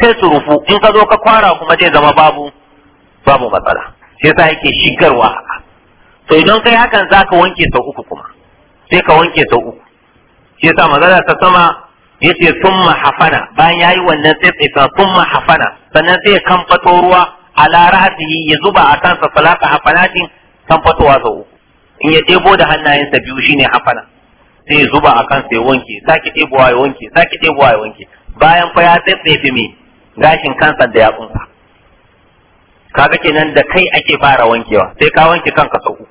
sai su rufu in ka zo ka kwara kuma zai zama babu babu matsala sai yasa yake shigarwa haka to idan kai hakan za ka wanke sau uku kuma sai ka wanke sau uku shi yasa magana ta sama yace summa hafana bayan yayi wannan sai tsitsa summa hafana sannan sai kan fato ruwa ala ra'atihi ya zuba a kansa salata hafanatin kan sau uku in ya ɗebo da hannayensa biyu shine hafana sai ya zuba a kansa ya wanke sake ɗebowa ya wanke sake ɗebowa ya wanke bayan fa ya tsaitsaye me gashin kansa da yatsunsa kaga kenan da kai ake fara wankewa sai ka wanke kanka sau uku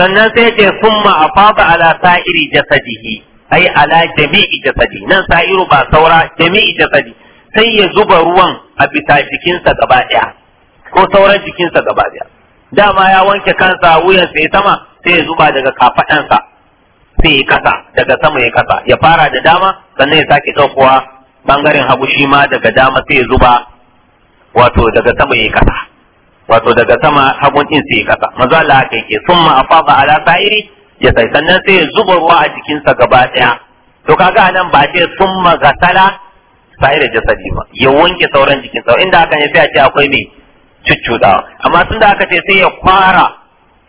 sannan sai ce summa afada ala sa'iri jasadihi ai ala jami'i jasadi nan sa'iru ba saura jami'i jasadi sai ya zuba ruwan a bisa jikinsa gaba daya ko sauran jikinsa gaba daya dama ya wanke kansa wuyansa ya sama sai ya zuba daga kafaɗansa sai ya kasa daga sama ya kasa ya fara da dama sannan ya sake ɗaukowa bangaren hagu shi ma daga dama sai ya zuba wato daga sama yi kasa wato daga sama hagun din sai kasa maza la haka yake summa afaba ala sa'iri ya sai sannan sai ya zuba ruwa a jikinsa gaba daya to kaga anan ba sun summa gasala sa'ira jasadi ba ya wanke sauran jikin sa inda haka ne sai a ce akwai mai cuccuda amma tunda aka ce sai ya kwara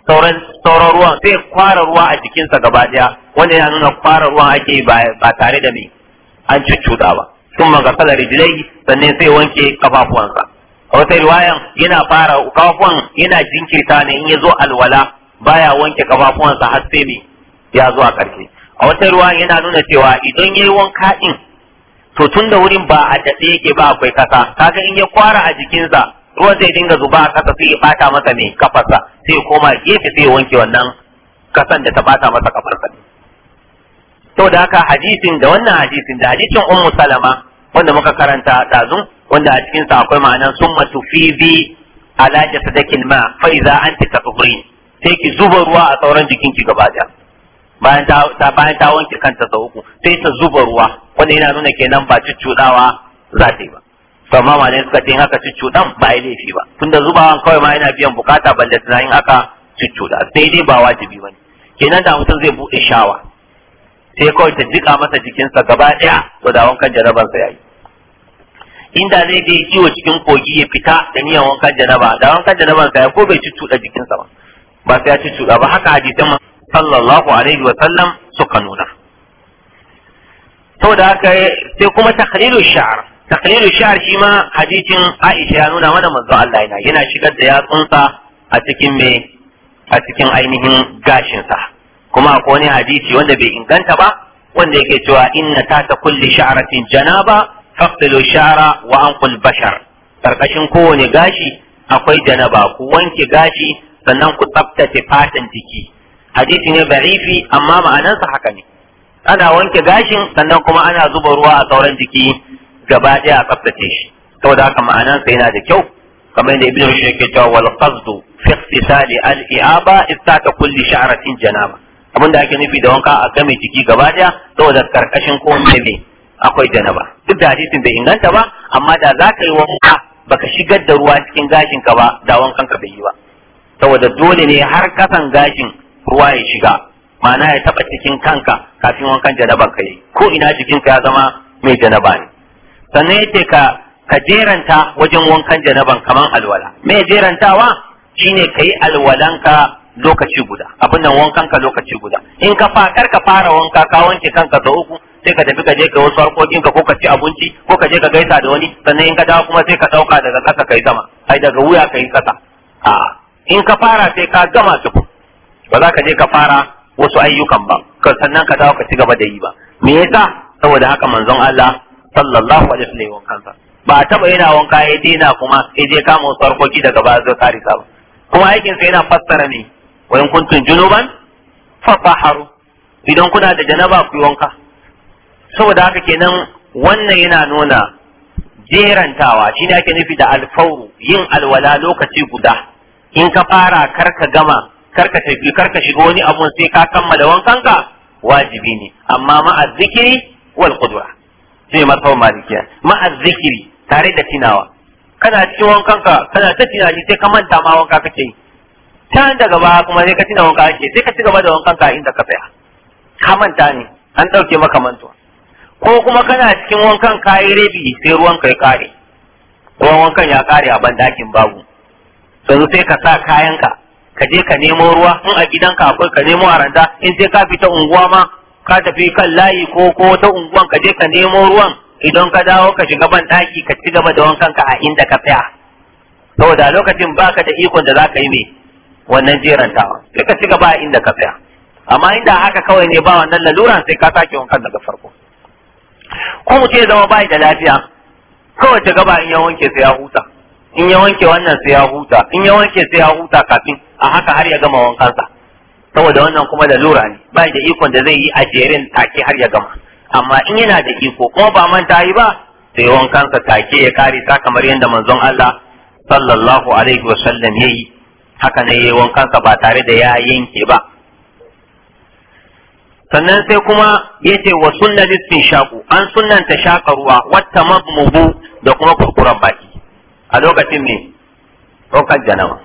sauran sauran ruwan sai ya kwara ruwa a jikinsa gaba daya wanda ya nuna kwara ruwan ake ba tare da mai an cuccuda ba ثم kala رجليه sannan sai wanke kafafuwansa a wata riwayan yana fara kafafuwan yana jinkirta ne in ya zo alwala baya wanke kafafuwansa har sai me ya zo a ƙarshe a wata riwayan yana nuna cewa idan yayi wanka din to tun da wurin ba a daɗe yake ba akwai kasa kaga in ya kwara a jikinsa ruwan zai dinga zuba a kasa sai ya bata masa mai kafarsa sai koma gefe sai wanke wannan kasan da ta bata masa kafarsa to da haka hadisin da wannan hadisin da hadisin ummu salama wanda muka karanta dazun wanda a cikin sa akwai ma'anan summa tufibi ala jasadakil ma fa idza anti tatahuri sai ki zuba ruwa a sauran jikinki gaba gabata bayan ta bayan ta wanke kanta sau uku sai ta zuba ruwa wanda yana nuna kenan ba cuccudawa za ta yi ba to amma malai suka ce in haka cuccudan ba ya laifi ba tunda zubawan kawai ma yana biyan bukata balle tunanin haka cuccuda sai dai ba wajibi ba ne. kenan da mutum zai buɗe shawa sai kawai ta jika masa jikinsa gaba ɗaya da wankan janabansa ya yayi. inda zai je kiwo cikin kogi ya fita da niyan wankan janaba da wankan janabansa ya ko bai cuccuɗa jikinsa ba ba sai ya cuccuɗa ba haka hadisan sallallahu alaihi wa sallam suka nuna saboda haka sai kuma takhlilu sha'r takhlilu sha'r shi ma hadisin Aisha ya nuna mana manzo Allah yana yana shigar da yatsunsa a cikin me a cikin ainihin gashinsa kuma akwai wani hadisi wanda bai inganta ba wanda yake cewa inna ta ta kulli sha'ratin janaba faqtilu sha'ra wa anqul bashar karkashin kowane gashi akwai janaba ku wanke gashi sannan ku tsaftace fatan jiki hadisi ne da'ifi amma ma'anansa haka ne ana wanke gashin sannan kuma ana zuba ruwa a sauran jiki gaba ɗaya a tsaftace shi saboda haka ma'anansa yana da kyau kamar yadda ibnu rushd yake cewa wal qasdu fi ihtisali al i'aba ta kulli sha'ratin janaba abin da ake nufi da wanka a game jiki gaba daya saboda karkashin ko ne akwai janaba duk da hadisin bai inganta ba amma da za ka yi wanka baka shigar da ruwa cikin gashin ka ba da wankan ka bai yi ba saboda dole ne har kasan gashin ruwa ya shiga ma'ana ya taba cikin kanka kafin wankan janaban ka yi ko ina jikin ka ya zama mai janaba ne sannan yace ka ka jeranta wajen wankan janaban kamar alwala mai jerantawa shine kai alwalanka lokaci guda abin nan wankan ka lokaci guda in ka fa kar ka fara wanka ka wanke kanka da uku sai ka tafi ka je ka wasu harkokin ka ko ka ci abinci ko ka je ka gaisa da wani sannan in ka dawo kuma sai ka dauka daga kasa kai sama ai daga wuya kai kasa a in ka fara sai ka gama su ba za ka je ka fara wasu ayyukan ba ka sannan ka dawo ka ci gaba da yi ba me yasa saboda haka manzon Allah sallallahu alaihi wasallam sa ba taba yana wanka ya daina kuma sai je kama wasu harkoki daga baya zai karisa ba kuma aikin sa yana fassara ne wa in kuntum junuban fatahharu idan kuna da janaba ku wanka saboda haka kenan wannan yana nuna jerantawa shi ne ake nufi da alfauru yin alwala lokaci guda in ka fara karka gama karka tafi karka shiga wani abun sai ka kammala ka wajibi ne amma ma'a zikiri wal qudwa sai masau malikiya ma'a zikiri tare da tinawa kana cikin ka kana ta tunani sai ka manta ma wanka kake yi can daga ba kuma sai ka tuna wanka ake sai ka ci gaba da wankan ka inda ka tsaya ka manta ne an ɗauke maka mantuwa ko kuma kana cikin wankan kayi rabi sai ruwan kai kare ruwan wankan ya kare a bandakin babu yanzu sai ka sa kayanka ka je ka nemo ruwa in a gidanka akwai ka nemo aranta in sai ka fita unguwa ma ka tafi kan layi ko ko ta unguwan ka je ka nemo ruwan idan ka dawo ka shiga ban ɗaki ka ci gaba da wankan ka a inda ka tsaya saboda lokacin baka da ikon da zaka yi me wannan jerantawa sai ka ci gaba inda ka tsaya amma inda haka kawai ne ba wannan laluran sai ka sake wankan daga farko ko mu ce zama bai da lafiya kawai ta gaba in ya wanke sai ya huta in ya wanke wannan sai ya huta in ya wanke sai ya huta kafin a haka har ya gama wankansa saboda wannan kuma da lura ne ba da ikon da zai yi a jerin take har ya gama amma in yana da iko kuma ba manta yi ba sai wankansa take ya kare ta kamar yadda manzon Allah sallallahu alaihi wa sallam yayi haka yi yayi ka ba tare da ya yanke ba sannan sai kuma yace wa sunnat shaku an sunnanta shaka ruwa wata mabmubu da kuma kurkuran baki a lokacin ne ɗaukar janawa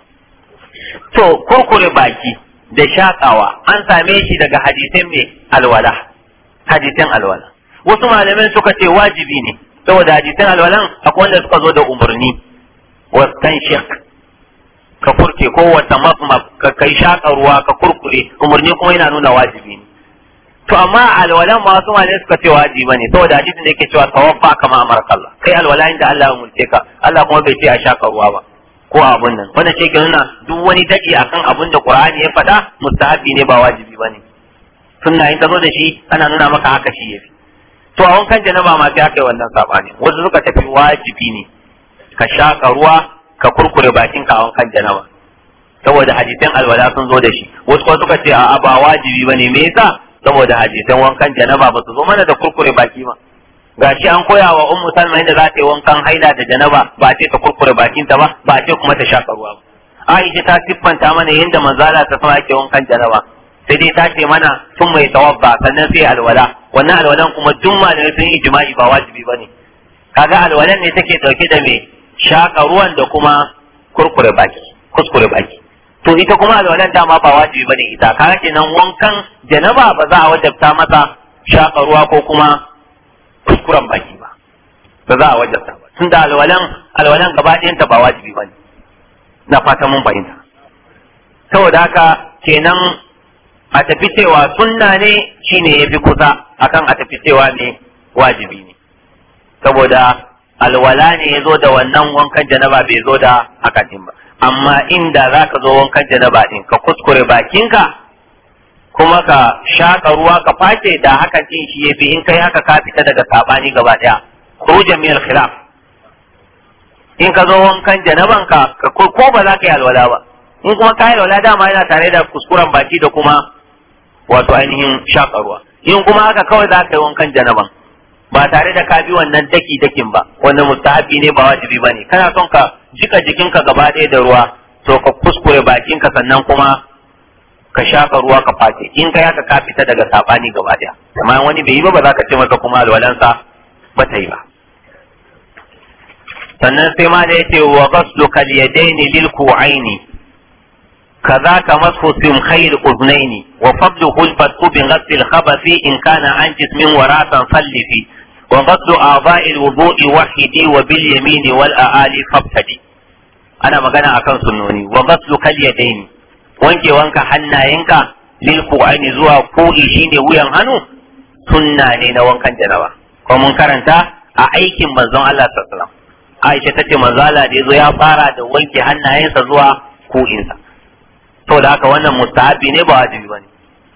to kurkure baki da shakawa an same shi daga hadisin mai alwala hadisin alwala wasu malamin suka ce wajibi ne saboda hadisin alwalan akwai wanda suka zo da umarni kan shek ka kurke ko wata mafmaf ka kai shaka ruwa ka kurkure umarni kuma yana nuna wajibi ne to amma alwalan ma wasu malai suka ce wajibi bane saboda hadisi ne yake cewa tawaffa kama amarka Allah kai alwala inda Allah ya mulke ka Allah kuma bai ce a shaka ruwa ba ko abun nan wannan ce ke nuna duk wani dadi akan abun da Qur'ani ya faɗa mustahabi ne ba wajibi bane sunna in ta zo da shi ana nuna maka haka shi yafi to a wankan janaba ma sai aka yi wannan sabani wasu suka tafi wajibi ne ka shaka ruwa ka kurkure bakin ka a wankan janaba saboda hadisin alwala sun zo da shi wasu kuma suka ce a'a ba wajibi bane me yasa saboda hadisin wankan janaba ba su zo mana da kurkure baki ba gashi an koya wa ummu salma inda za ta yi wankan haila da janaba ba ce ta kurkure bakin ta ba ba ce kuma ta shafa ruwa ba aisha ta siffanta mana yadda manzala ta sa ke wankan janaba sai dai ta ce mana sun mai tawabba sannan sai alwala wannan alwalan kuma duk malamai sun ijma'i ba wajibi bane kaga alwalan ne take dauke da me shaƙa ruwan da kuma kurkure baki kuskure baki to ita kuma wannan dama ba wajibi bane ita kaga kenan wankan janaba ba za a wajabta masa shaƙa ruwa ko kuma kuskuren baki ba ba za a wajabta ba tun da alwalan alwalan gaba ɗayanta ba wajibi bane na fata mun fahimta saboda haka kenan a tafi cewa sunna ne shine yafi kusa akan a tafi cewa ne wajibi ne saboda alwala ne ya zo da wannan wankan janaba bai zo da haka din ba amma inda za ka zo wankan janaba din ka kuskure bakinka kuma ka shaka ruwa ka face da haka din shi ya fi in kai haka ka fita daga sabani gaba ɗaya ko jami'ar khilaf in ka zo wankan janaban ka ko ba za ka yi alwala ba in kuma ka yi alwala dama yana tare da kuskuren baki da kuma wato ainihin shaka ruwa in kuma haka kawai za ka yi wankan janaban ba tare da ka bi wannan daki dakin ba wannan mustahabi ne ba wajibi bane kana son ka jika jikinka gaba ɗaya da ruwa to ka kuskure bakinka sannan kuma ka shafa ruwa ka face in ka yaka ka fita daga sabani gaba ɗaya amma wani bai yi ba ba za ka ce masa kuma alwalansa ba ta yi ba sannan sai ma da yace wa ghaslu kal yadaini lil ku'aini كذاك مسح سمخي الأذنين وفضله البدء بغسل الخبث إن كان عن جسم وراء فلفي wa وغض أعضاء الوضوء وحدي وباليمين والأعالي فابتدي أنا مغانا أكن سنوني وغسل كاليدين wanke wanka hannayenka lil qur'ani zuwa ko shine wuyan hannu sunna ne na wankan janaba ko mun karanta a aikin manzon Allah sallallahu alaihi wasallam Aisha tace manzo Allah da yazo ya fara da wanke hannayensa zuwa ku'insa to da haka wannan mustahabi ne ba wajibi bane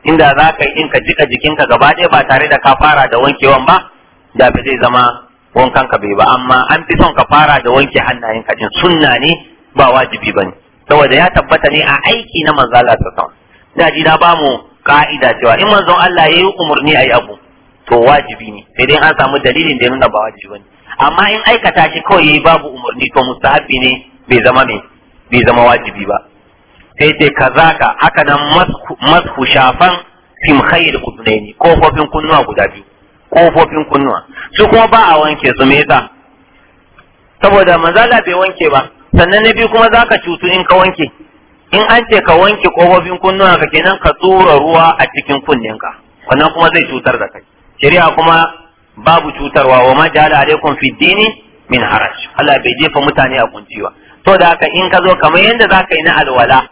inda za ka yi in ka jika jikinka gaba ɗaya ba tare da ka fara da wankewan ba da ba zai zama wankan ka bai ba amma an fi son ka fara da wanke hannayen ka din sunna ne ba wajibi bane saboda ya tabbata ne a aiki na manzo Allah ta da ji na ba mu ka'ida cewa in manzo Allah ya yi umurni yi abu to wajibi ne sai dai an samu dalilin da nuna ba wajibi bane amma in aikata shi kawai yayi babu umurni to mustahabi ne bai zama me bai zama wajibi ba sai ce kazaka haka nan masku shafan fim khayr kudaini ko kofin kunnuwa guda biyu kofofin kunnuwa su kuma ba a wanke su me saboda manzala bai wanke ba sannan na biyu kuma zaka cutu in ka wanke in an ce ka wanke kofofin kunnuwa ka kenan ka tsura ruwa a cikin kunninka wannan kuma zai cutar da kai shari'a kuma babu cutarwa wa ma jihar alaikum fi dini min haraj Allah bai jefa mutane a kunciwa to da haka in ka zo kamar yadda za ka yi na alwala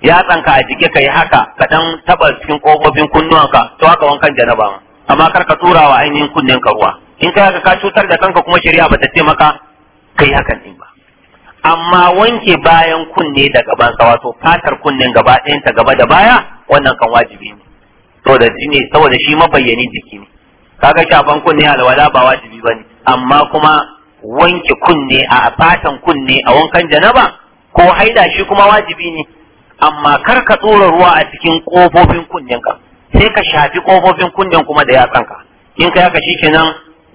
ya tsanka a jike ka yi haka ka dan taba cikin kofofin kunnuwanka to haka wankan janaba amma kar ka tura wa ainihin kunnen ka ruwa in kai haka ka cutar da kanka kuma shari'a ba ta ce maka kai hakan din ba amma wanke bayan kunne da gaban sa wato fatar kunnen gaba ɗayan ta gaba da baya wannan kan wajibi ne saboda shi ne saboda shi mabayyani jiki ne kaga shafan kunne alwala ba wajibi bane amma kuma wanke kunne a fatan kunne a wankan janaba ko haida shi kuma wajibi ne amma kar ka tsora ruwa a cikin kofofin ka. sai ka shafi kofofin kunnen kuma da yatsanka in ka yaka kenan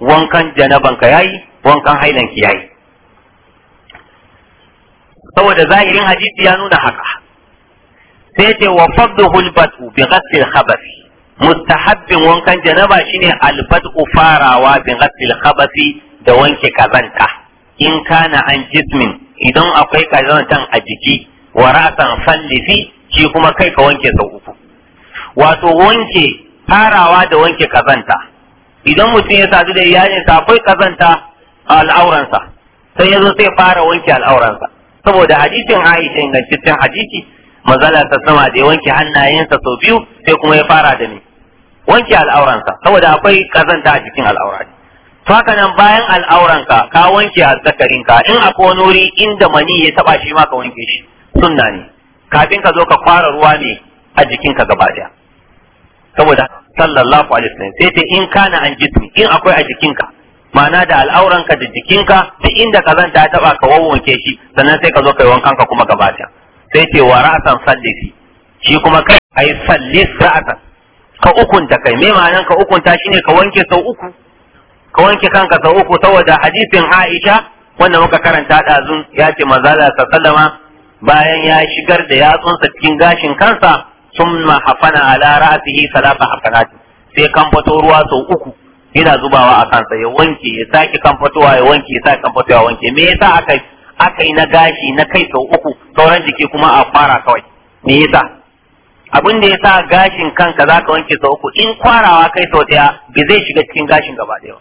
wankan janabanka yayi wankan ki yayi saboda zahirin hadisi ya nuna haka sai ce wa fadduhu albatu bi ghasli alkhabath mustahabbin wankan janaba shine albatu farawa bi ghasli alkhabath da wanke kazanta in kana an jismin idan akwai kazantan a jiki wa ra'san fallifi shi kuma kai ka wanke sau uku wato wanke farawa da wanke kazanta idan mutum ya sadu da sa akwai kazanta a al'auransa sai ya zo sai fara wanke al'auransa saboda hadisin Aisha ingantaccen hadisi mazala ta sama da ya wanke hannayensa sau biyu sai kuma ya fara da ni wanke al'auransa saboda akwai kazanta a jikin al'aura to haka nan bayan al'auranka ka wanke azzakarinka in akwai wani wuri inda mani ya taba shi ma ka wanke shi sunna ne kafin ka zo ka fara ruwa ne a jikinka gaba daya saboda sallallahu alaihi wasallam sai ta in kana an jismi in akwai a jikinka ma'ana da al'auranka da jikinka duk inda ka zanta ya taba ka wawwanke shi sannan sai ka zo kai wankan ka kuma gabata sai ce wa ra'san sallisi shi kuma kai ai sallis ra'san ka ukunta kai me ma'anan ka ukunta shine ka wanke sau uku ka wanke kanka sau uku saboda hadisin Aisha wanda muka karanta dazun ya ce manzo sallama bayan ya shigar da yatsunsa cikin gashin kansa summa hafana ala ra'sihi salasa hafanat sai kan fito ruwa sau uku yana zubawa a kansa ya wanke ya sake kan fitowa ya wanke ya sake kan fitowa ya wanke me yasa aka aka yi na gashi na kai sau uku sauran jiki kuma a fara kawai me yasa abin da ya sa gashin kanka zaka wanke sau uku in kwarawa kai sau daya bai zai shiga cikin gashin gaba daya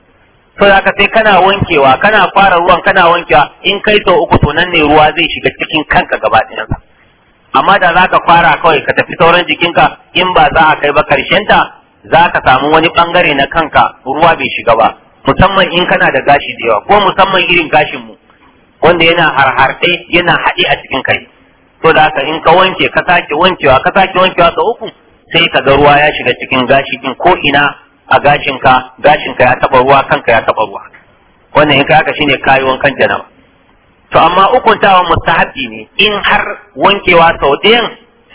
so da ka sai kana wankewa kana fara ruwan kana wankewa in kai sau uku to nan ne ruwa zai shiga cikin kanka gaba daya amma da za ka fara kawai ka tafi sauran jikinka in ba za a kai ba karshenta za ka samu wani bangare na kanka ruwa bai shiga ba musamman in kana da gashi da yawa ko musamman irin gashin mu wanda yana harharɗe yana haɗe a cikin kai to da haka in ka wanke ka sake wankewa ka sake wankewa sau uku sai ka ga ruwa ya shiga cikin gashi din ko ina a gashinka gashinka ya taɓa ruwa kanka ya taɓa ruwa wannan in ka haka shine kayi wankan janaba to amma wa mustahabi ne in har wankewa sau ɗayan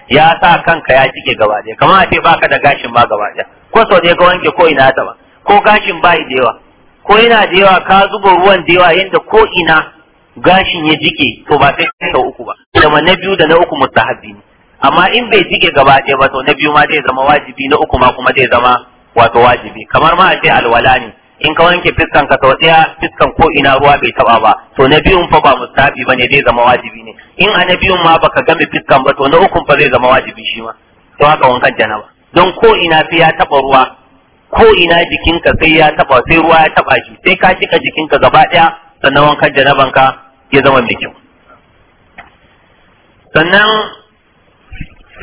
ya sa kanka ya cike gaba ɗaya kamar a ce baka da gashin ba gaba ɗaya ko sau ɗaya ka wanke ko ina ta ko gashin bai da yawa ko yana da yawa ka zuba ruwan da yawa yadda ko ina gashin ya jike to ba sai sau uku ba zama na biyu da na uku mustahabi ne amma in bai jike gaba ɗaya ba to na biyu ma zai zama wajibi na uku ma kuma zai zama wato wajibi kamar ma a ce alwala ne in ka wanke fiskan ka sau fiskan ko ina ruwa bai taba ba to na biyun fa ba mustafi ba ne zai zama wajibi ne in a na biyun ma baka gami fiskan ba to na ukun fa zai zama wajibi shi ma to haka wankan janaba don ko ina sai ya taba ruwa ko ina jikinka sai ya taba sai ruwa ya taba shi sai ka jika jikinka gaba ɗaya sannan wankan janaban ka ya zama mai kyau sannan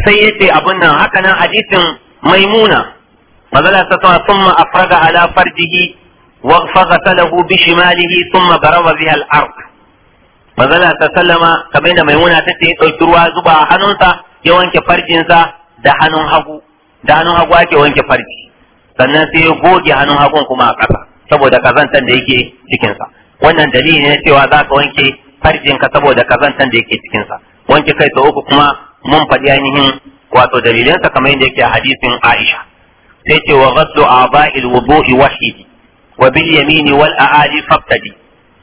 sai yace abun nan haka nan hadisin maimuna mazala ta sama summa afraga ala farjihi فغسله بشماله ثم ضرب بها الارض manzala ta sallama kamar yadda maimuna ta ce ɗauki ruwa zuba a hannunsa ya wanke farjinsa da hannun hagu da hannun hagu ake wanke farji sannan sai ya goge hannun hagun kuma a ƙasa saboda kazantan da yake cikinsa wannan dalili ne cewa za ka wanke farjinka saboda kazantan da yake cikinsa wanke kai sau uku kuma mun faɗi ainihin wato dalilinsa kamar yadda yake a hadisin Aisha sai ce wa ghaslu a'ba'il wudu'i wahid wa bil yamini wal aadi fabtadi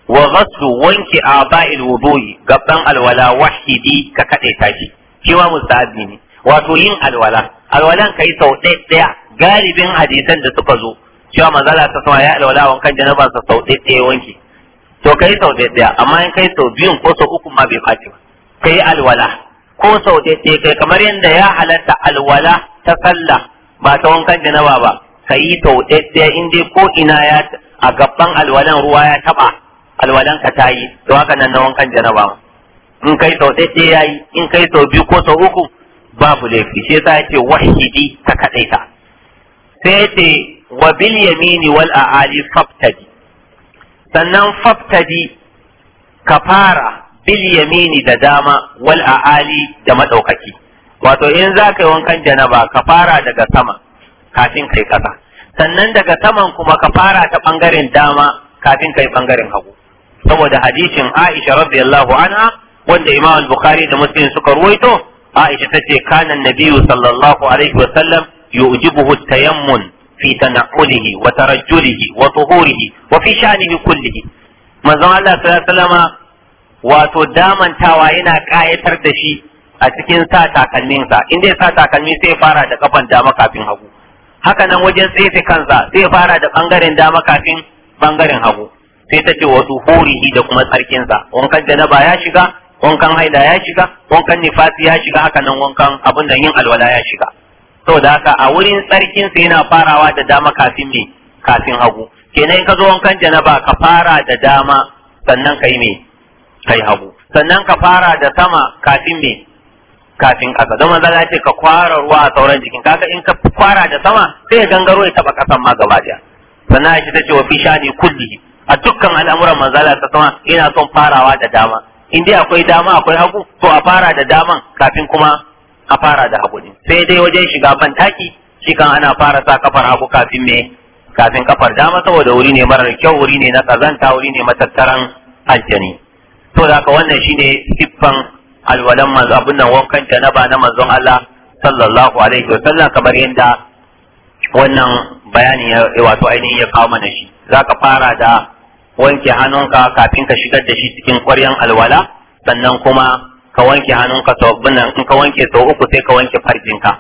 wa ghaslu wanki aba'il wudu'i gaban alwala wahidi ka kade tashi shi ma mustahabi ne wato yin alwala alwalan kai sau ɗaya galibin hadisan da suka zo cewa manzala ta ya alwala wankan sa sau ɗaya wanki to kai sau ɗaya amma in kai sau biyun ko sau uku ma bai faci ba kai alwala ko sau ɗaya kai kamar yadda ya halatta alwala ta sallah ba ta wankan janaba ba ka yi tauɗaɗɗiya in dai ko ina ya a gaban alwalan ruwa ya taɓa alwalan ka ta yi to haka nan na wankan janaba in kai tauɗaɗɗe ya yi in kai sau biyu ko sau uku babu laifi shi yasa yace wahidi ka ta. sai yace wa bil yamini wal a'ali faftadi sannan faftadi ka fara bil yamini da dama wal a'ali da madaukaki wato in za ka yi wankan janaba ka fara daga sama kafin kai kasa sannan daga saman kuma ka fara ta bangaren dama kafin kai bangaren hagu saboda hadisin Aisha radiyallahu anha wanda Imam al-Bukhari da Muslim suka ruwaito Aisha tace kana nabiyyu sallallahu alaihi wa sallam yu'jibuhu at-tayammun fi tana'ulihi wa tarajjulihi wa tuhurihi wa fi sha'nihi kullihi manzon Allah sallallahu alaihi wato damantawa yana kayatar da shi a cikin sa takalminsa in dai sa takalmi sai fara da kafan dama kafin hagu haka nan wajen tsefe kansa zai fara da bangaren dama kafin bangaren hagu sai ta ce wasu horihi da kuma tsarkinsa wankan janaba ya shiga wankan haida ya shiga wankan nifasi ya shiga haka nan wankan abin da yin alwala ya shiga da haka a wurin tsarkinsa yana farawa da dama kafin me kafin hagu kenan ka zo wankan janaba ka fara da dama sannan ka yi me kai hagu sannan ka fara da sama kafin me kafin ƙasa don manzo ce ka kwara ruwa a sauran jikin kaka in ka kwara da sama sai ya gangaro ya taba ƙasan ma gaba daya sannan shi ta ce wa fi shani kulli a dukkan al'amuran manzo ta sama ina son farawa da dama in dai akwai dama akwai hagu to a fara da daman kafin kuma a fara da hagu ne sai dai wajen shiga ban taki shi kan ana fara sa kafar hagu kafin me kafin kafar dama saboda wuri ne marar kyau wuri ne na kazanta wuri ne matattaran aljani to da haka wannan shine siffan alwalan manzo abin nan wankan janaba na manzon Allah sallallahu alaihi wasallam kamar yadda wannan bayani ya wato ainihin ya kawo mana shi zaka fara da wanke hannunka kafin ka shigar da shi cikin ƙwaryan alwala sannan kuma ka wanke hannunka sau nan in ka wanke sau uku sai ka wanke farjinka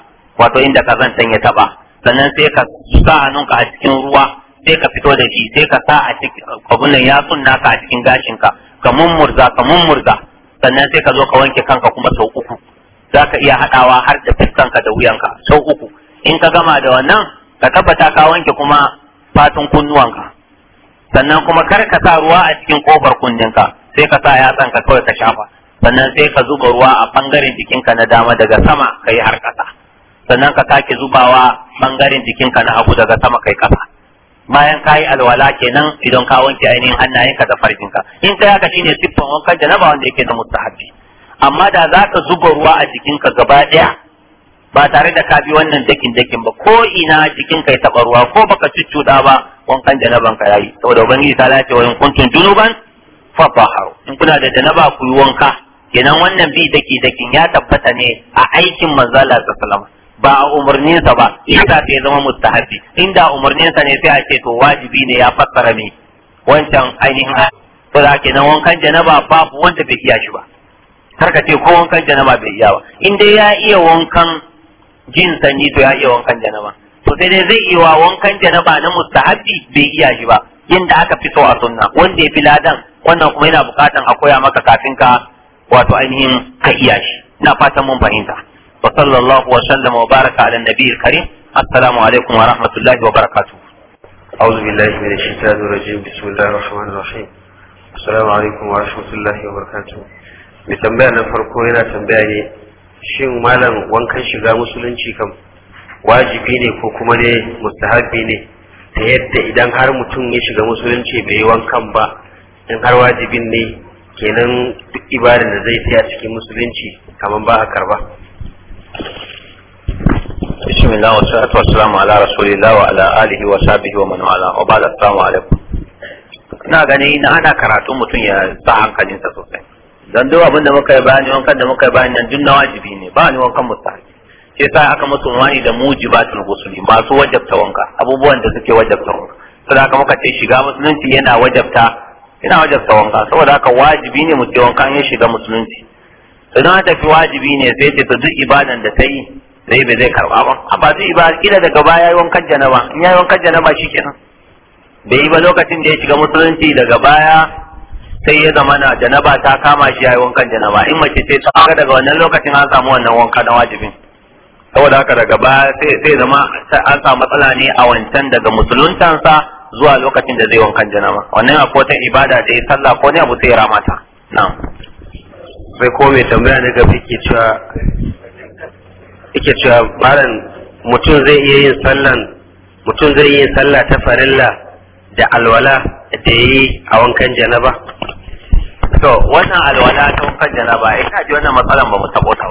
wato inda ka zantan ya taba sannan sai ka sa hannunka a cikin ruwa sai ka fito da shi sai ka sa a cikin abun nan sunna ka a cikin gashinka ka mummurza ka mummurza sannan sai ka zo ka wanke kanka kuma sau uku za ka iya haɗawa har da fiskanka da wuyanka sau uku in ka gama da wannan ka tabbata ka wanke kuma fatun kunnuwanka sannan kuma kar ka sa ruwa a cikin kofar kunninka sai ka sa yatsanka kawai ka shafa sannan sai ka zuba ruwa a bangaren jikinka na dama daga sama ka yi har ƙasa sannan ka sake zubawa bangaren jikinka na hagu daga sama kai ƙasa bayan kayi alwala kenan idan ka wanke ainihin hannayenka da farjinka in ka haka shine siffan wankan janaba wanda yake na mustahabi amma da za ka zuba ruwa a jikinka gaba daya ba tare da ka bi wannan dakin dakin ba ko ina jikinka ya taɓa ruwa ko baka da ba wankan janaban ka yayi saboda ubangiji ta lafiya wa in kuntum junuban fatahharu in kuna da janaba ku yi wanka kenan wannan bi daki dakin ya tabbata ne a aikin manzala sallallahu alaihi wasallam ba a umarninsa ba yasa sai ya zama mustahabi inda umarninsa ne sai a ce to wajibi ne ya fassara me wancan ainihin to da kenan wankan janaba babu wanda bai iya shi ba har ka ce ko wankan janaba bai iya ba in dai ya iya wankan jin sanyi to ya iya wankan janaba to sai dai zai iya wankan janaba na mustahabi bai iya shi ba yanda aka fi so a sunna wanda ya fi ladan wannan kuma yana bukatan a koya maka kafin ka wato ainihin ka iya shi ina fatan mun fahimta وصلى الله وسلم وبارك على النبي الكريم السلام عليكم ورحمة الله وبركاته أعوذ بالله من الشيطان الرجيم بسم الله الرحمن الرحيم السلام عليكم ورحمة الله وبركاته mai tambaya na farko yana tambaya ne shin malam wankan shiga musulunci kam wajibi ne ko kuma ne mustahabi ne ta yadda idan har mutum ya shiga musulunci bai yi wankan ba in har wajibin ne kenan duk ibadar da zai tsaya cikin musulunci kamar ba a karba بسم الله والصلاة والسلام على رسول الله وعلى آله وصحبه ومن والاه وبعد السلام عليكم ina gani na ana karatu mutum ya sa hankalinsa sosai dan duk abin da muka yi bayani wankan da muka yi bayani nan duk na wajibi ne ba ni wankan mutane ke yasa aka musu wani da mujibatul ghusli masu wajabta wanka abubuwan da suke wajabta wanka saboda haka muka ce shiga musulunci yana wajabta yana wajabta wanka saboda haka wajibi ne mutum wanka in ya shiga musulunci idan aka tafi wajibi ne sai ce to duk ibadan da ta yi zai bai zai karba ba amma duk ibada kila daga baya yayi wankan janaba in yayi wankan janaba shikenan bai yi ba lokacin da ya shiga musulunci daga baya sai ya zama na janaba ta kama shi yayi wankan janaba in mace ce ta ga daga wannan lokacin an samu wannan wanka na wajibin saboda haka daga baya sai sai zama an samu matsala ne a wancan daga musuluntansa zuwa lokacin da zai wankan janaba wannan akwai wata ibada da ya sallah ko ne abu sai ya ramata na'am sai ko mai tambaya na gaba yake cewa yake cewa malam mutum zai iya yin sallan mutum zai yin sallah ta farilla da alwala da yi a wankan janaba to wannan alwala ta wankan janaba ina ji wannan matsalan ba mu tabo ta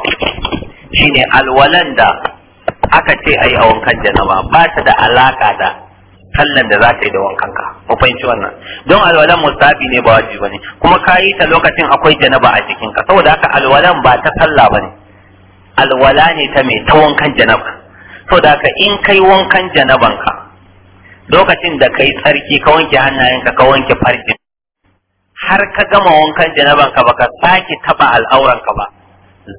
shine alwalan da aka ce ai a wankan janaba ba ta da alaka da sallan da za ka yi da wankan ka mu fahimci wannan don alwalan mustafi ne ba wajibi bane kuma ka yi ta lokacin akwai janaba a cikin ka saboda haka alwalan ba ta sallah bane alwala ne ta mai ta wankan janaba saboda haka in kai wankan janaban ka lokacin da kai tsarki ka wanke hannayenka ka wanke farkin har ka gama wankan janaban ka baka sake taba al'auran ka ba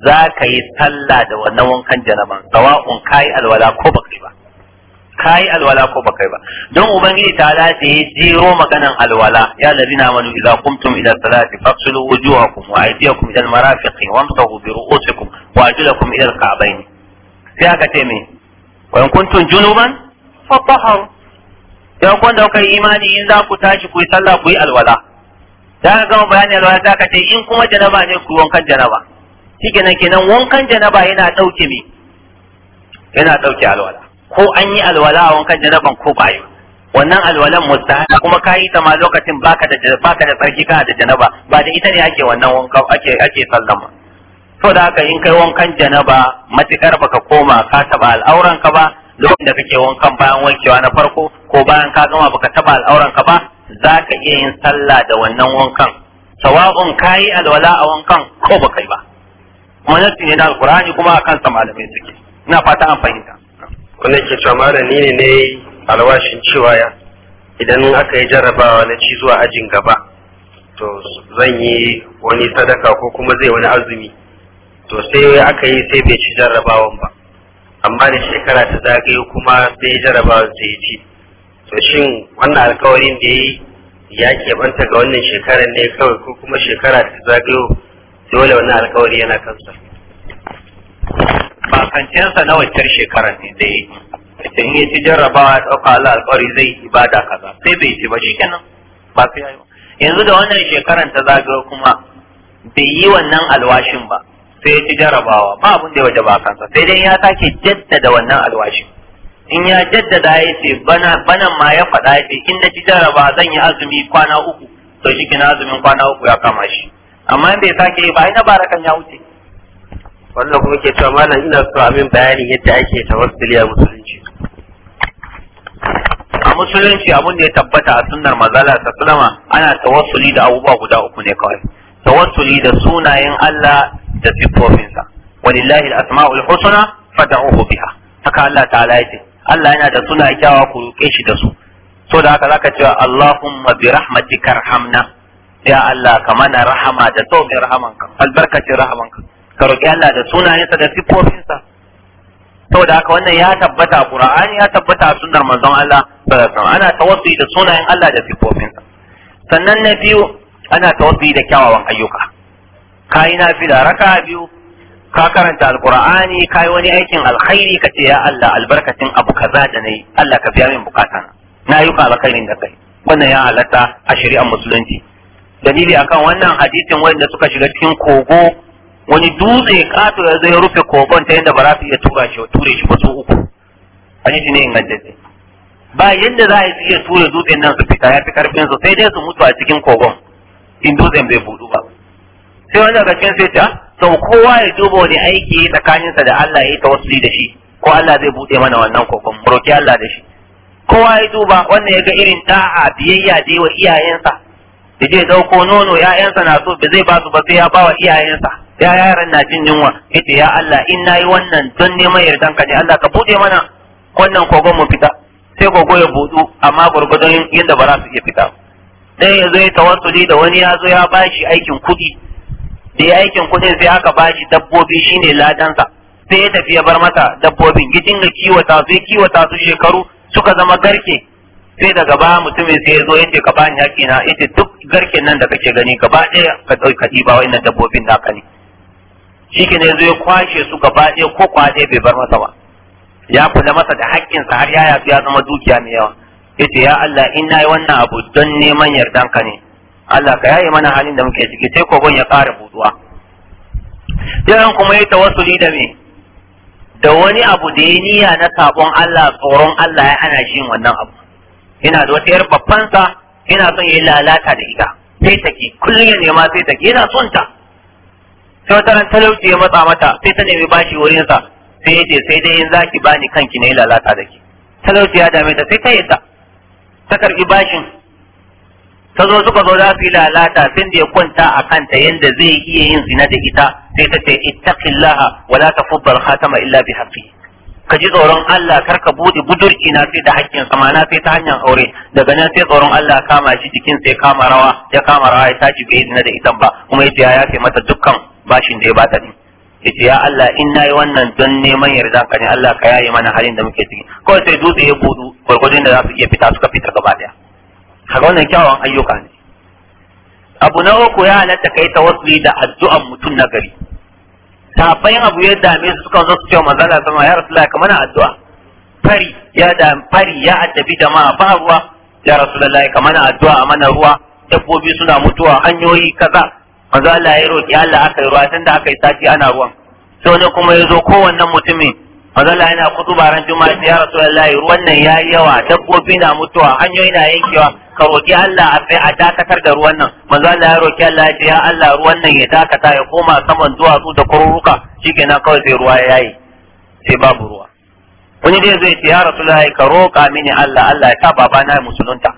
za ka yi sallah da wannan wankan janaban sawa'un kai alwala ko baka ba kai alwala ko ba kai ba don ubangiji ta ala da ya jero maganan alwala ya ladina amanu idza qumtum ila salati faghsilu wujuhakum wa aydiyakum ila wa wamsahu bi ru'usikum wa arjulakum ila alka'bayn sai aka ce me wa in kuntum junuban tahar ya kun da kai imani in za ku tashi ku yi sallah ku yi alwala da ka gama bayani alwala za ka ce in kuma janaba ne ku wankan janaba shi kenan kenan wankan janaba yana dauke me yana dauke alwala ko an yi alwala a wankan janaban ko ba yi wannan alwalan mustahabi kuma ka yi ta ma lokacin baka da baka da tsarki ka da janaba ba da ita ne ake wannan wankan ake ake sallama to da haka in kai wankan janaba matikar baka koma ka taba al'auran ka ba lokacin da kake wankan bayan wankewa na farko ko bayan ka gama baka taba al'auran ka ba za ka iya yin sallah da wannan wankan sawa'un kayi alwala a wankan ko baka yi ba kuma ne na alkurani kuma akan sa malamai suke ina fata an fahimta wannan ke cewa ni ne ne alwashin cewa ya idan aka yi jarrabawa na ci zuwa ajin gaba to zan yi wani sadaka ko kuma zai wani azumi to sai aka yi sai bai ci jarrabawan ba amma da shekara ta zagayo kuma sai jarrabawan sai ci to shin wannan alkawarin da yi ya banta ga wannan shekarar ne kawai ko kuma shekara ta zagayo dole wannan alkawari yana kansa Bakancinsa na waccar shekarar ne da yake ita in yaci ci jarrabawa ɗauka Allah alƙawari zai yi ibada kaza sai bai ci ba shi kenan ba sai yayi yanzu da wannan shekarar ta zagayo kuma bai yi wannan alwashin ba sai ya ci jarrabawa ba abin da ya waje bakansa sai dai ya sake jaddada wannan alwashin in ya jaddada ya ce bana banan ma ya faɗa ya ce in na ci jarraba zan yi azumi kwana uku to shi kina azumin kwana uku ya kama shi amma in bai sake yi ba ai na barakan ya wuce wannan kuma ke cewa malam ina so amin bayanin yadda ake tawassuli a musulunci a musulunci abin da ya tabbata a sunnar mazala ta sulama ana tawassuli da abubuwa guda uku ne kawai tawassuli da sunayen Allah da siffofinsa walillahi al-asma'ul husna fad'uhu biha haka Allah ta'ala yake Allah yana da suna kyawa ku roke shi da su so da haka zaka cewa Allahumma bi rahmatika arhamna ya Allah ka mana rahama da tawbi rahamanka albarkacin rahamanka ka roƙi Allah da sunayensa da sifofinsa saboda haka wannan ya tabbata a Qur'ani ya tabbata a sunnar manzon Allah sallallahu alaihi wasallam ana tawassuli da sunayen Allah da siffofinsa. sannan na biyu ana tawassuli da kyawawan ayyuka kai na fi da raka biyu ka karanta alqur'ani kai wani aikin alkhairi ka ce ya Allah albarkacin abu kaza da nayi Allah ka biya min bukata na ayyuka alkhairin da kai wannan ya halatta a shari'ar musulunci dalili akan wannan hadisin wanda suka shiga cikin kogo wani dutse kato ya zai rufe kogon ta yadda ba za su iya tura shi ture shi ba su uku shi ne ingantacce ba yadda za a iya tura dutsen nan su fita ya fi karfin su sai dai su mutu a cikin kogon in dutsen bai budu ba sai wani daga cikin sai ta ah, sau kowa ya duba wani aiki tsakaninsa da Allah ya yi tawassuli da shi ko Allah zai bude mana wannan kogon mu roki Allah da shi kowa ya duba wannan ya ga irin da'a biyayya da yi wa iyayensa da je dauko nono ya'yansa na so ba zai ba su ba sai ya ba wa iyayensa ya yaran na jin yunwa ita ya Allah in nayi wannan don neman yardan ka ne Allah ka bude mana wannan kogon mu fita sai kogo ya budu amma gurgudun yadda ba za su iya fita dai ya zo ya tawassuli da wani ya zo ya bashi aikin kuɗi da ya aikin kuɗin sai aka bashi dabbobi shine ladansa sai ya tafi ya bar mata dabbobin ya dinga kiwata su kiwata su shekaru suka zama garke sai daga ba mutumin sai ya zo ce ka bani hakina na duk garken nan da kake gani gaba ɗaya ka ɗauki ka ɗiba wa'annan dabbobin naka ne shi ke ne zai kwashe su gaba ɗaya ko kwaɗe bai bar masa ba ya kula masa da haƙƙinsa har ya yasu ya zama dukiya mai yawa ce ya Allah in na yi wannan abu don neman ka ne Allah ka yaye mana halin da muke ciki sai kogon ya ƙara buduwa sai kuma ya tawassuli da me da wani abu da ya niyya na sabon Allah tsoron Allah ya ana shi wannan abu Ina da wata yar babban sa yana son ya lalata da ita sai take kullum ya nema sai take yana son ta sai wata ran talauci ya matsa mata sai ta nemi bashi sa sai ya sai dai in zaki bani kanki ne lalata da talauci ya dame ta sai ta yi ta ta karbi bashin ta zo suka zo za su lalata sai da ya kwanta a kanta yadda zai iya yin zina da ita sai ta ce ittaqillaha wala tafuddal khatama illa bi haqqi ka tsoron Allah kar ka bude budurki na sai da hakkin samana sai ta hanyar aure daga nan sai tsoron Allah kama shi jikin sai kama rawa ya kama rawa ya tashi bai zina da ita ba kuma ya ya mata dukkan bashin da ya bata din yace ya Allah in nayi wannan don neman yarda ka ne Allah ka yaye mana halin da muke ciki kawai sai dutse ya budu gwargwadon da za su iya fita suka fitar gaba daya kaga wannan kyawawan ayyuka ne abu na uku ya halatta kai tawassuli da addu'an mutum na gari safayin abu ya dame su suka zo su ce manzala sama ya rasulullah ka mana addu'a fari ya da fari ya addabi jama'a ba ruwa ya rasulullah ka mana addu'a mana ruwa dabbobi suna mutuwa hanyoyi kaza manzo Allah ya roki Allah aka yi ruwa tun da aka yi sati ana ruwan sai wani kuma ya zo kowanne mutumin manzo Allah yana kutuba ran juma'a sai ya rasulullahi ruwan nan ya yi yawa dabbobi na mutuwa hanyoyi na yankewa ka roki Allah a sai a dakatar da ruwan nan manzo Allah ya roki Allah ya ce ya Allah ruwan nan ya dakata ya koma saman duwatsu da kururuka shikenan kawai sai ruwa ya yayi sai babu ruwa wani dai zai ce ya rasulullahi ka roka mini Allah Allah ya sa babana ya musulunta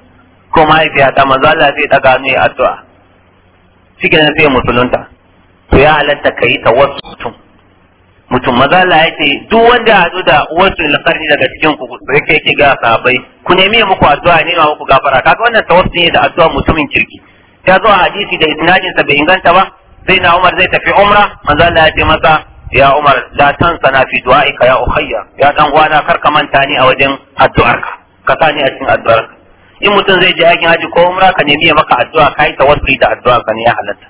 ko mahaifiyata manzo Allah zai daga ni addu'a suke na sai musulunta to ya halatta ka yi tawassu mutum maza la ya ce duk wanda ya haɗu da wasu lakarni daga cikin ku da yake yake ga sahabbai ku nemi muku addu'a ne ma muku gafara kaga wannan tawassu ne da addu'a mutumin kirki ta zo a hadisi da isnadin sa bai inganta ba sai na Umar zai tafi umra maza la ya ce masa ya Umar la tansa na fi ka ya ukhayya ya dan uwana kar ka manta ni a wajen addu'arka ka sani a cikin addu'arka in mutum zai je hakin haji ko umra ka nemi ya maka addu'a ka yi tawassuli da addu'a ka ne ya halatta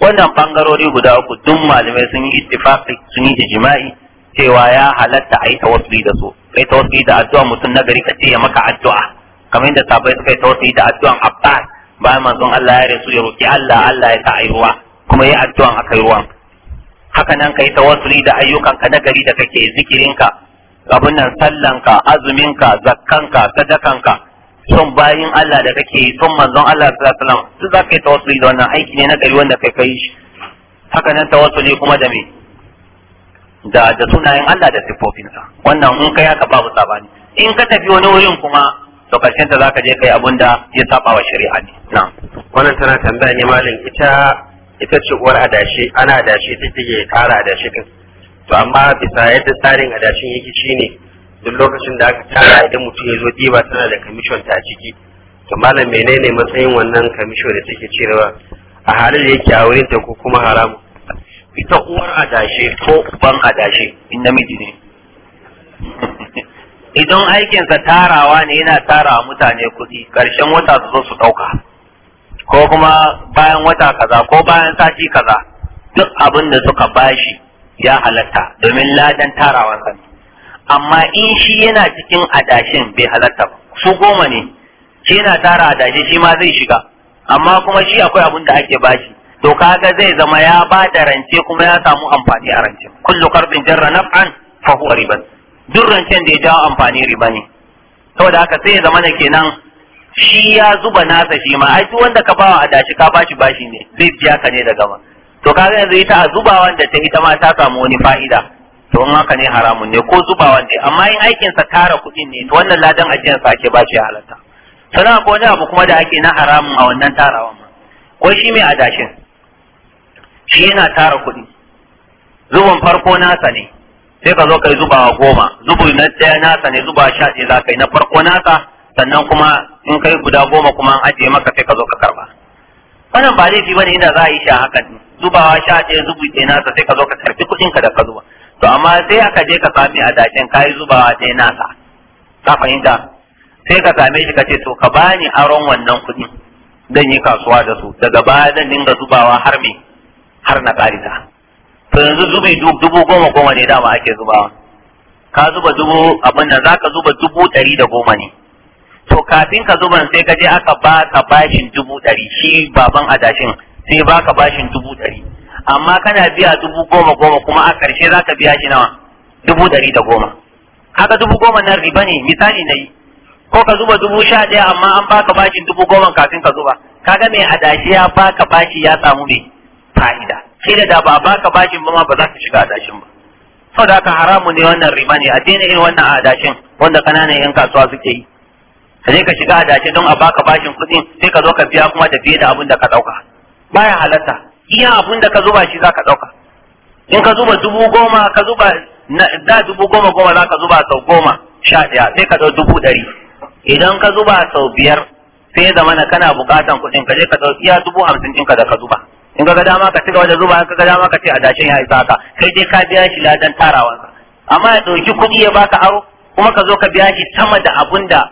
wannan bangarori guda uku duk malamai sun yi ittifaqi sun yi ijma'i cewa ya halatta a yi tawassuli da su kai tawassuli da addu'a mutum na gari ka ce ya maka addu'a kamar yadda sabai suka yi tawassuli da addu'an abbas bayan manzon Allah ya rasu ya roki Allah Allah ya sa ayi ruwa kuma yi addu'an akai ruwan haka nan kai tawassuli da ayyukanka na gari da kake zikirinka abun nan sallanka azuminka zakkanka sadakanka son bayin Allah da kake son manzon Allah sallallahu alaihi wasallam duk za yi tawassuli da wannan aiki ne na gari wanda kai kai shi haka nan tawassuli kuma da me da da sunayen Allah da sifofinsa wannan in kai haka babu sabani in ka tafi wani wurin kuma to karshen ta zaka je kai abunda ya saba wa shari'a ne na wannan tana tambaya ne malam ita ita ce uwar adashi ana adashi ya kara adashi din to amma bisa yadda tsarin adashin yake shine duk lokacin da aka tara idan mutum ya zo diba tana da kamishon ta ciki to malam menene matsayin wannan kamishon da take cirewa a halin da yake a wurin ta ko kuma haramu ita uwar adashe ko uban adashe in namiji ne idan aikinsa tarawa ne yana tarawa mutane kuɗi ƙarshen wata su zo su ɗauka ko kuma bayan wata kaza ko bayan sati kaza duk abin da suka bashi ya halatta domin ladan tarawansa ne amma in shi yana cikin adashin bai halatta ba su goma ne shi yana tara adashi shi ma zai shiga amma kuma shi akwai abin da ake bashi to kaga zai zama ya ba da rance kuma ya samu amfani a rance kullu qardin jarra naf'an fa huwa riban duk rancen da ya jawo amfani riba ne saboda haka sai ya zama ne kenan shi ya zuba nasa shi ma ai wanda ka bawa adashi ka bashi bashi ne zai biya ka ne da gaba to kaga yanzu ita a zuba wanda ta ita ma ta samu wani fa'ida to in haka ne haramun ne ko zuba wanda amma in aikin sa tara kuɗin ne to wannan ladan ajiyar sa ake ba shi halatta sannan ko wani abu kuma da ake na haramun a wannan tarawan ma ko shi mai adashin shi yana tara kuɗi zuban farko nasa ne sai ka zo kai zubawa goma zubu na ɗaya nasa ne zuba sha ɗaya za ka yi na farko nasa sannan kuma in kai guda goma kuma an ajiye maka sai ka zo ka karba wannan ba laifi bane inda za a yi shi a hakan zubawa sha ɗaya zubu ɗaya nasa sai ka zo ka karbi kuɗinka da ka zuba to amma sai aka je ka sami a dakin kayi zubawa ɗaya nasa ka fahimta sai ka same shi ka ce to ka bani aron wannan kuɗi zan yi kasuwa da su daga baya zan dinga zubawa har me har na ƙarita to yanzu zubi dubu goma goma ne dama ake zubawa ka zuba dubu abin nan za ka zuba dubu ɗari da goma ne to kafin ka zuban sai ka je aka ba ka bashin dubu ɗari shi baban adashin sai ba ka bashin dubu ɗari amma kana biya dubu goma goma kuma a ƙarshe za ka biya shi nawa dubu ɗari da goma haka dubu goma na riba ne misali na yi ko ka zuba dubu sha ɗaya amma an baka bashin dubu goma kafin ka zuba kaga mai adashi ya baka bashi ya samu mai fa'ida sai da ba baka bashin ba ma ba za ka shiga adashin ba saboda haka haramu ne wannan riba ne a daina yin wannan adashin wanda kananan yan kasuwa suke yi ka je ka shiga adashin don a baka bashin kuɗin sai ka zo ka biya kuma da biye da abin da ka ɗauka baya halatta iya abun da ka zuba shi zaka dauka in ka zuba dubu goma ka zuba da dubu goma goma zaka zuba sau goma sha ɗaya sai ka dau dubu ɗari idan ka zuba sau biyar sai ya zamana kana buƙatan kuɗin ka je ka dau iya dubu hamsin ka da ka zuba in ka ga dama ka ci gaba da zuba ka ga dama ka ce a dashen ya isa ka kai dai ka biya shi ladan tarawansa amma ya ɗauki kuɗi ya baka aro kuma ka zo ka biya shi sama da abun da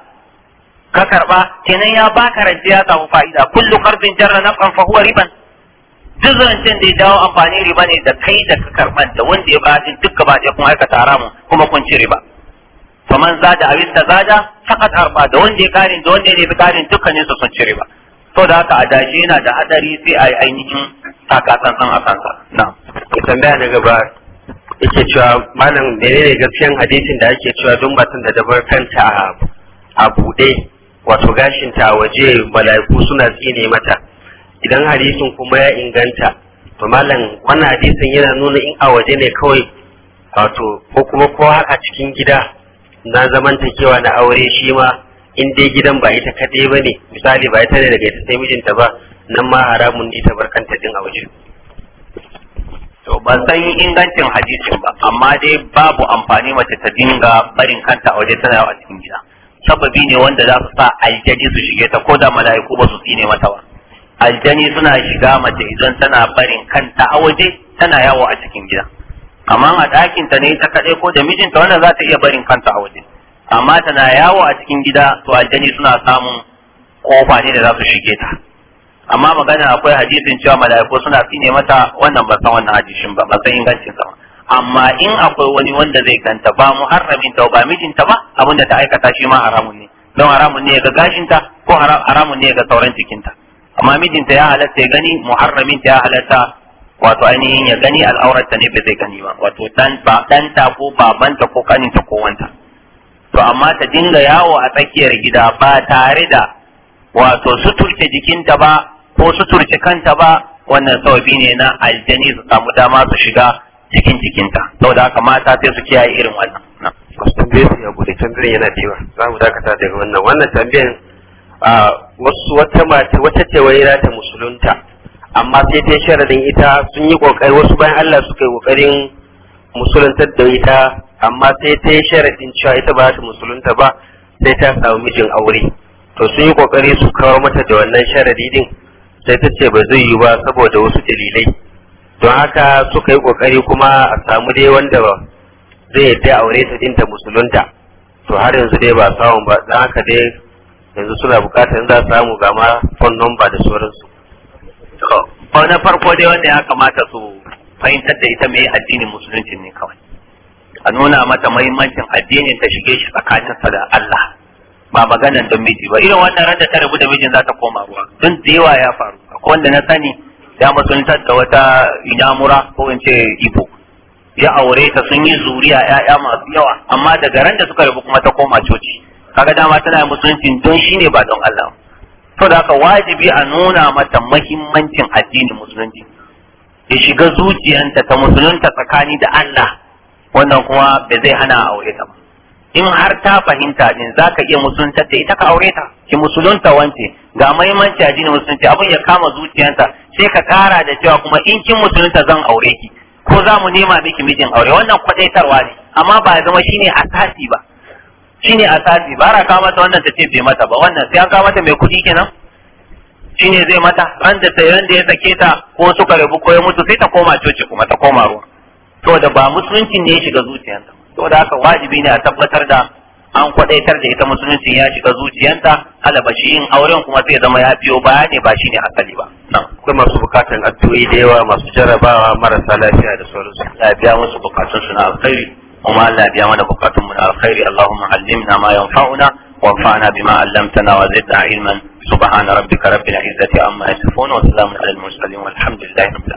ka karɓa kenan ya baka rance ya samu fa'ida kullu karfin jarra nafan fa huwa riban duk zancen da ya dawo amfani riba ne da kai da ka karɓar da wanda ya bayar duk ka ɗaya kun aikata haramu kuma kun ci riba faman zada abin da zada fakat harfa da wanda ya karin da wanda ya nufi karin dukkanin su sun ci riba to da haka adashi yana da hadari sai a yi ainihin san a kansa na tambaya na gaba yake cewa malam menene gaskiyan hadisin da ake cewa don batun da dabar kanta a buɗe wato gashinta a waje mala'iku suna tsine mata idan hadisin kuma ya inganta to malam wannan hadisin yana nuna in a waje ne kawai wato ko kuma ko har a cikin gida na kewa na aure shi ma in dai gidan ba ita kaɗai ba ne misali ba ita ne daga ita sai mijinta ba nan ma haramun ne ta barkanta din a waje. To ban san ingancin hadisin ba, amma dai babu amfani mace ta dinga barin kanta a waje tana yawa a cikin gida. Sababi ne wanda za su sa aljaji su shige ta ko da mala'iku ba su tsine mata ba. aljani suna shiga mace idan tana barin kanta a waje tana yawo a cikin gida amma a ɗakin ta ne ta kaɗai ko da mijinta wannan za ta iya barin kanta a waje amma tana yawo a cikin gida to aljani suna samun kofa ne da za su shige ta amma magana akwai hadisin cewa mala'iku suna fine mata wannan ba san wannan hadisin ba ba san ingancin sa amma in akwai wani wanda zai ganta ba muharramin ta ba mijinta ba abinda ta aikata shi ma haramun ne don haramun ne ga gashinta ko haramun ne ga sauran jikinta amma mijinta ya halatta ya gani muharramin ta ya halatta wato ainihin ya gani al'aurarta ne bai zai gani ba wato dan ba danta ko babanta ko kaninta ko wanta to amma ta dinga yawo a tsakiyar gida ba tare da wato suturce jikinta ba ko suturce kanta ba wannan sababi ne na aljani su samu dama su shiga cikin jikinta saboda haka mata sai su kiyaye irin wannan tambayar ya bude tambayar yana da za mu dakata daga wannan wannan tambayar a wasu wata mata wata tawaira ta musulunta amma sai ta sharadin ita sun yi kokari wasu bayan Allah suka yi kokarin musuluntar da ita amma sai ta yi sharadin cewa ita ba ta musulunta ba sai ta samu mijin aure to sun yi kokari su kawo mata da wannan sharadi din sai ta ce ba zai yi ba saboda wasu dalilai don haka suka yi kokari kuma a samu dai wanda zai yi aure ta dinta musulunta to har yanzu dai ba samun ba don haka dai yanzu suna bukatar za su samu ga ma phone number da sauransu to na farko dai wanda ya kamata su fahimtar da ita mai addinin musulunci ne kawai a nuna mata mahimmancin addinin ta shige shi sa da Allah ba maganan don miji ba irin wannan ranta ta rabu da mijin za ta koma ruwa don da ya faru akwai wanda na sani ya musuluntar da wata inamura ko in ce ibo ya aure ta sun yi zuriya ya'ya masu yawa amma daga ran da suka rabu kuma ta koma coci kaga dama tana musulunci don shi ne ba don Allah to da haka wajibi a nuna mata mahimmancin addinin musulunci ya shiga zuciyanta ta musulunta tsakani da Allah wannan kuma ba zai hana aure ta in har ta fahimta din zaka iya musulunta ta ita ka aure ta ki musulunta wance ga mahimmanci addinin musulunci abin ya kama zuciyanta sai ka kara da cewa kuma in kin musulunta zan aure ki ko za mu nema miki mijin aure wannan kwadaitarwa ne amma ba ya zama shine asasi ba shine sati ba ra kawo mata wannan ta ce bai mata ba wannan sai an kawo mata mai kuɗi kenan shine zai mata ran da ta yanda ya sake ta ko suka rabu ko ya mutu sai ta koma coci kuma ta koma ruwa To da ba musulunci ne ya shiga zuciyarta da haka wajibi ne a tabbatar da an kwadaitar da ita musulunci ya shiga zuciyanta alabashi yin auren kuma sai zama ya biyo baya ne ba shine asali ba nan akwai masu bukatan addu'o'i da yawa masu jarabawa marasa lafiya da sauransu ya biya musu bukatun su na alkhairi وما لا بيامنا بقاتم من الخير اللهم علمنا ما ينفعنا وانفعنا بما علمتنا وزدنا علما سبحان ربك رب العزة عما يصفون وسلام على المرسلين والحمد لله رب العالمين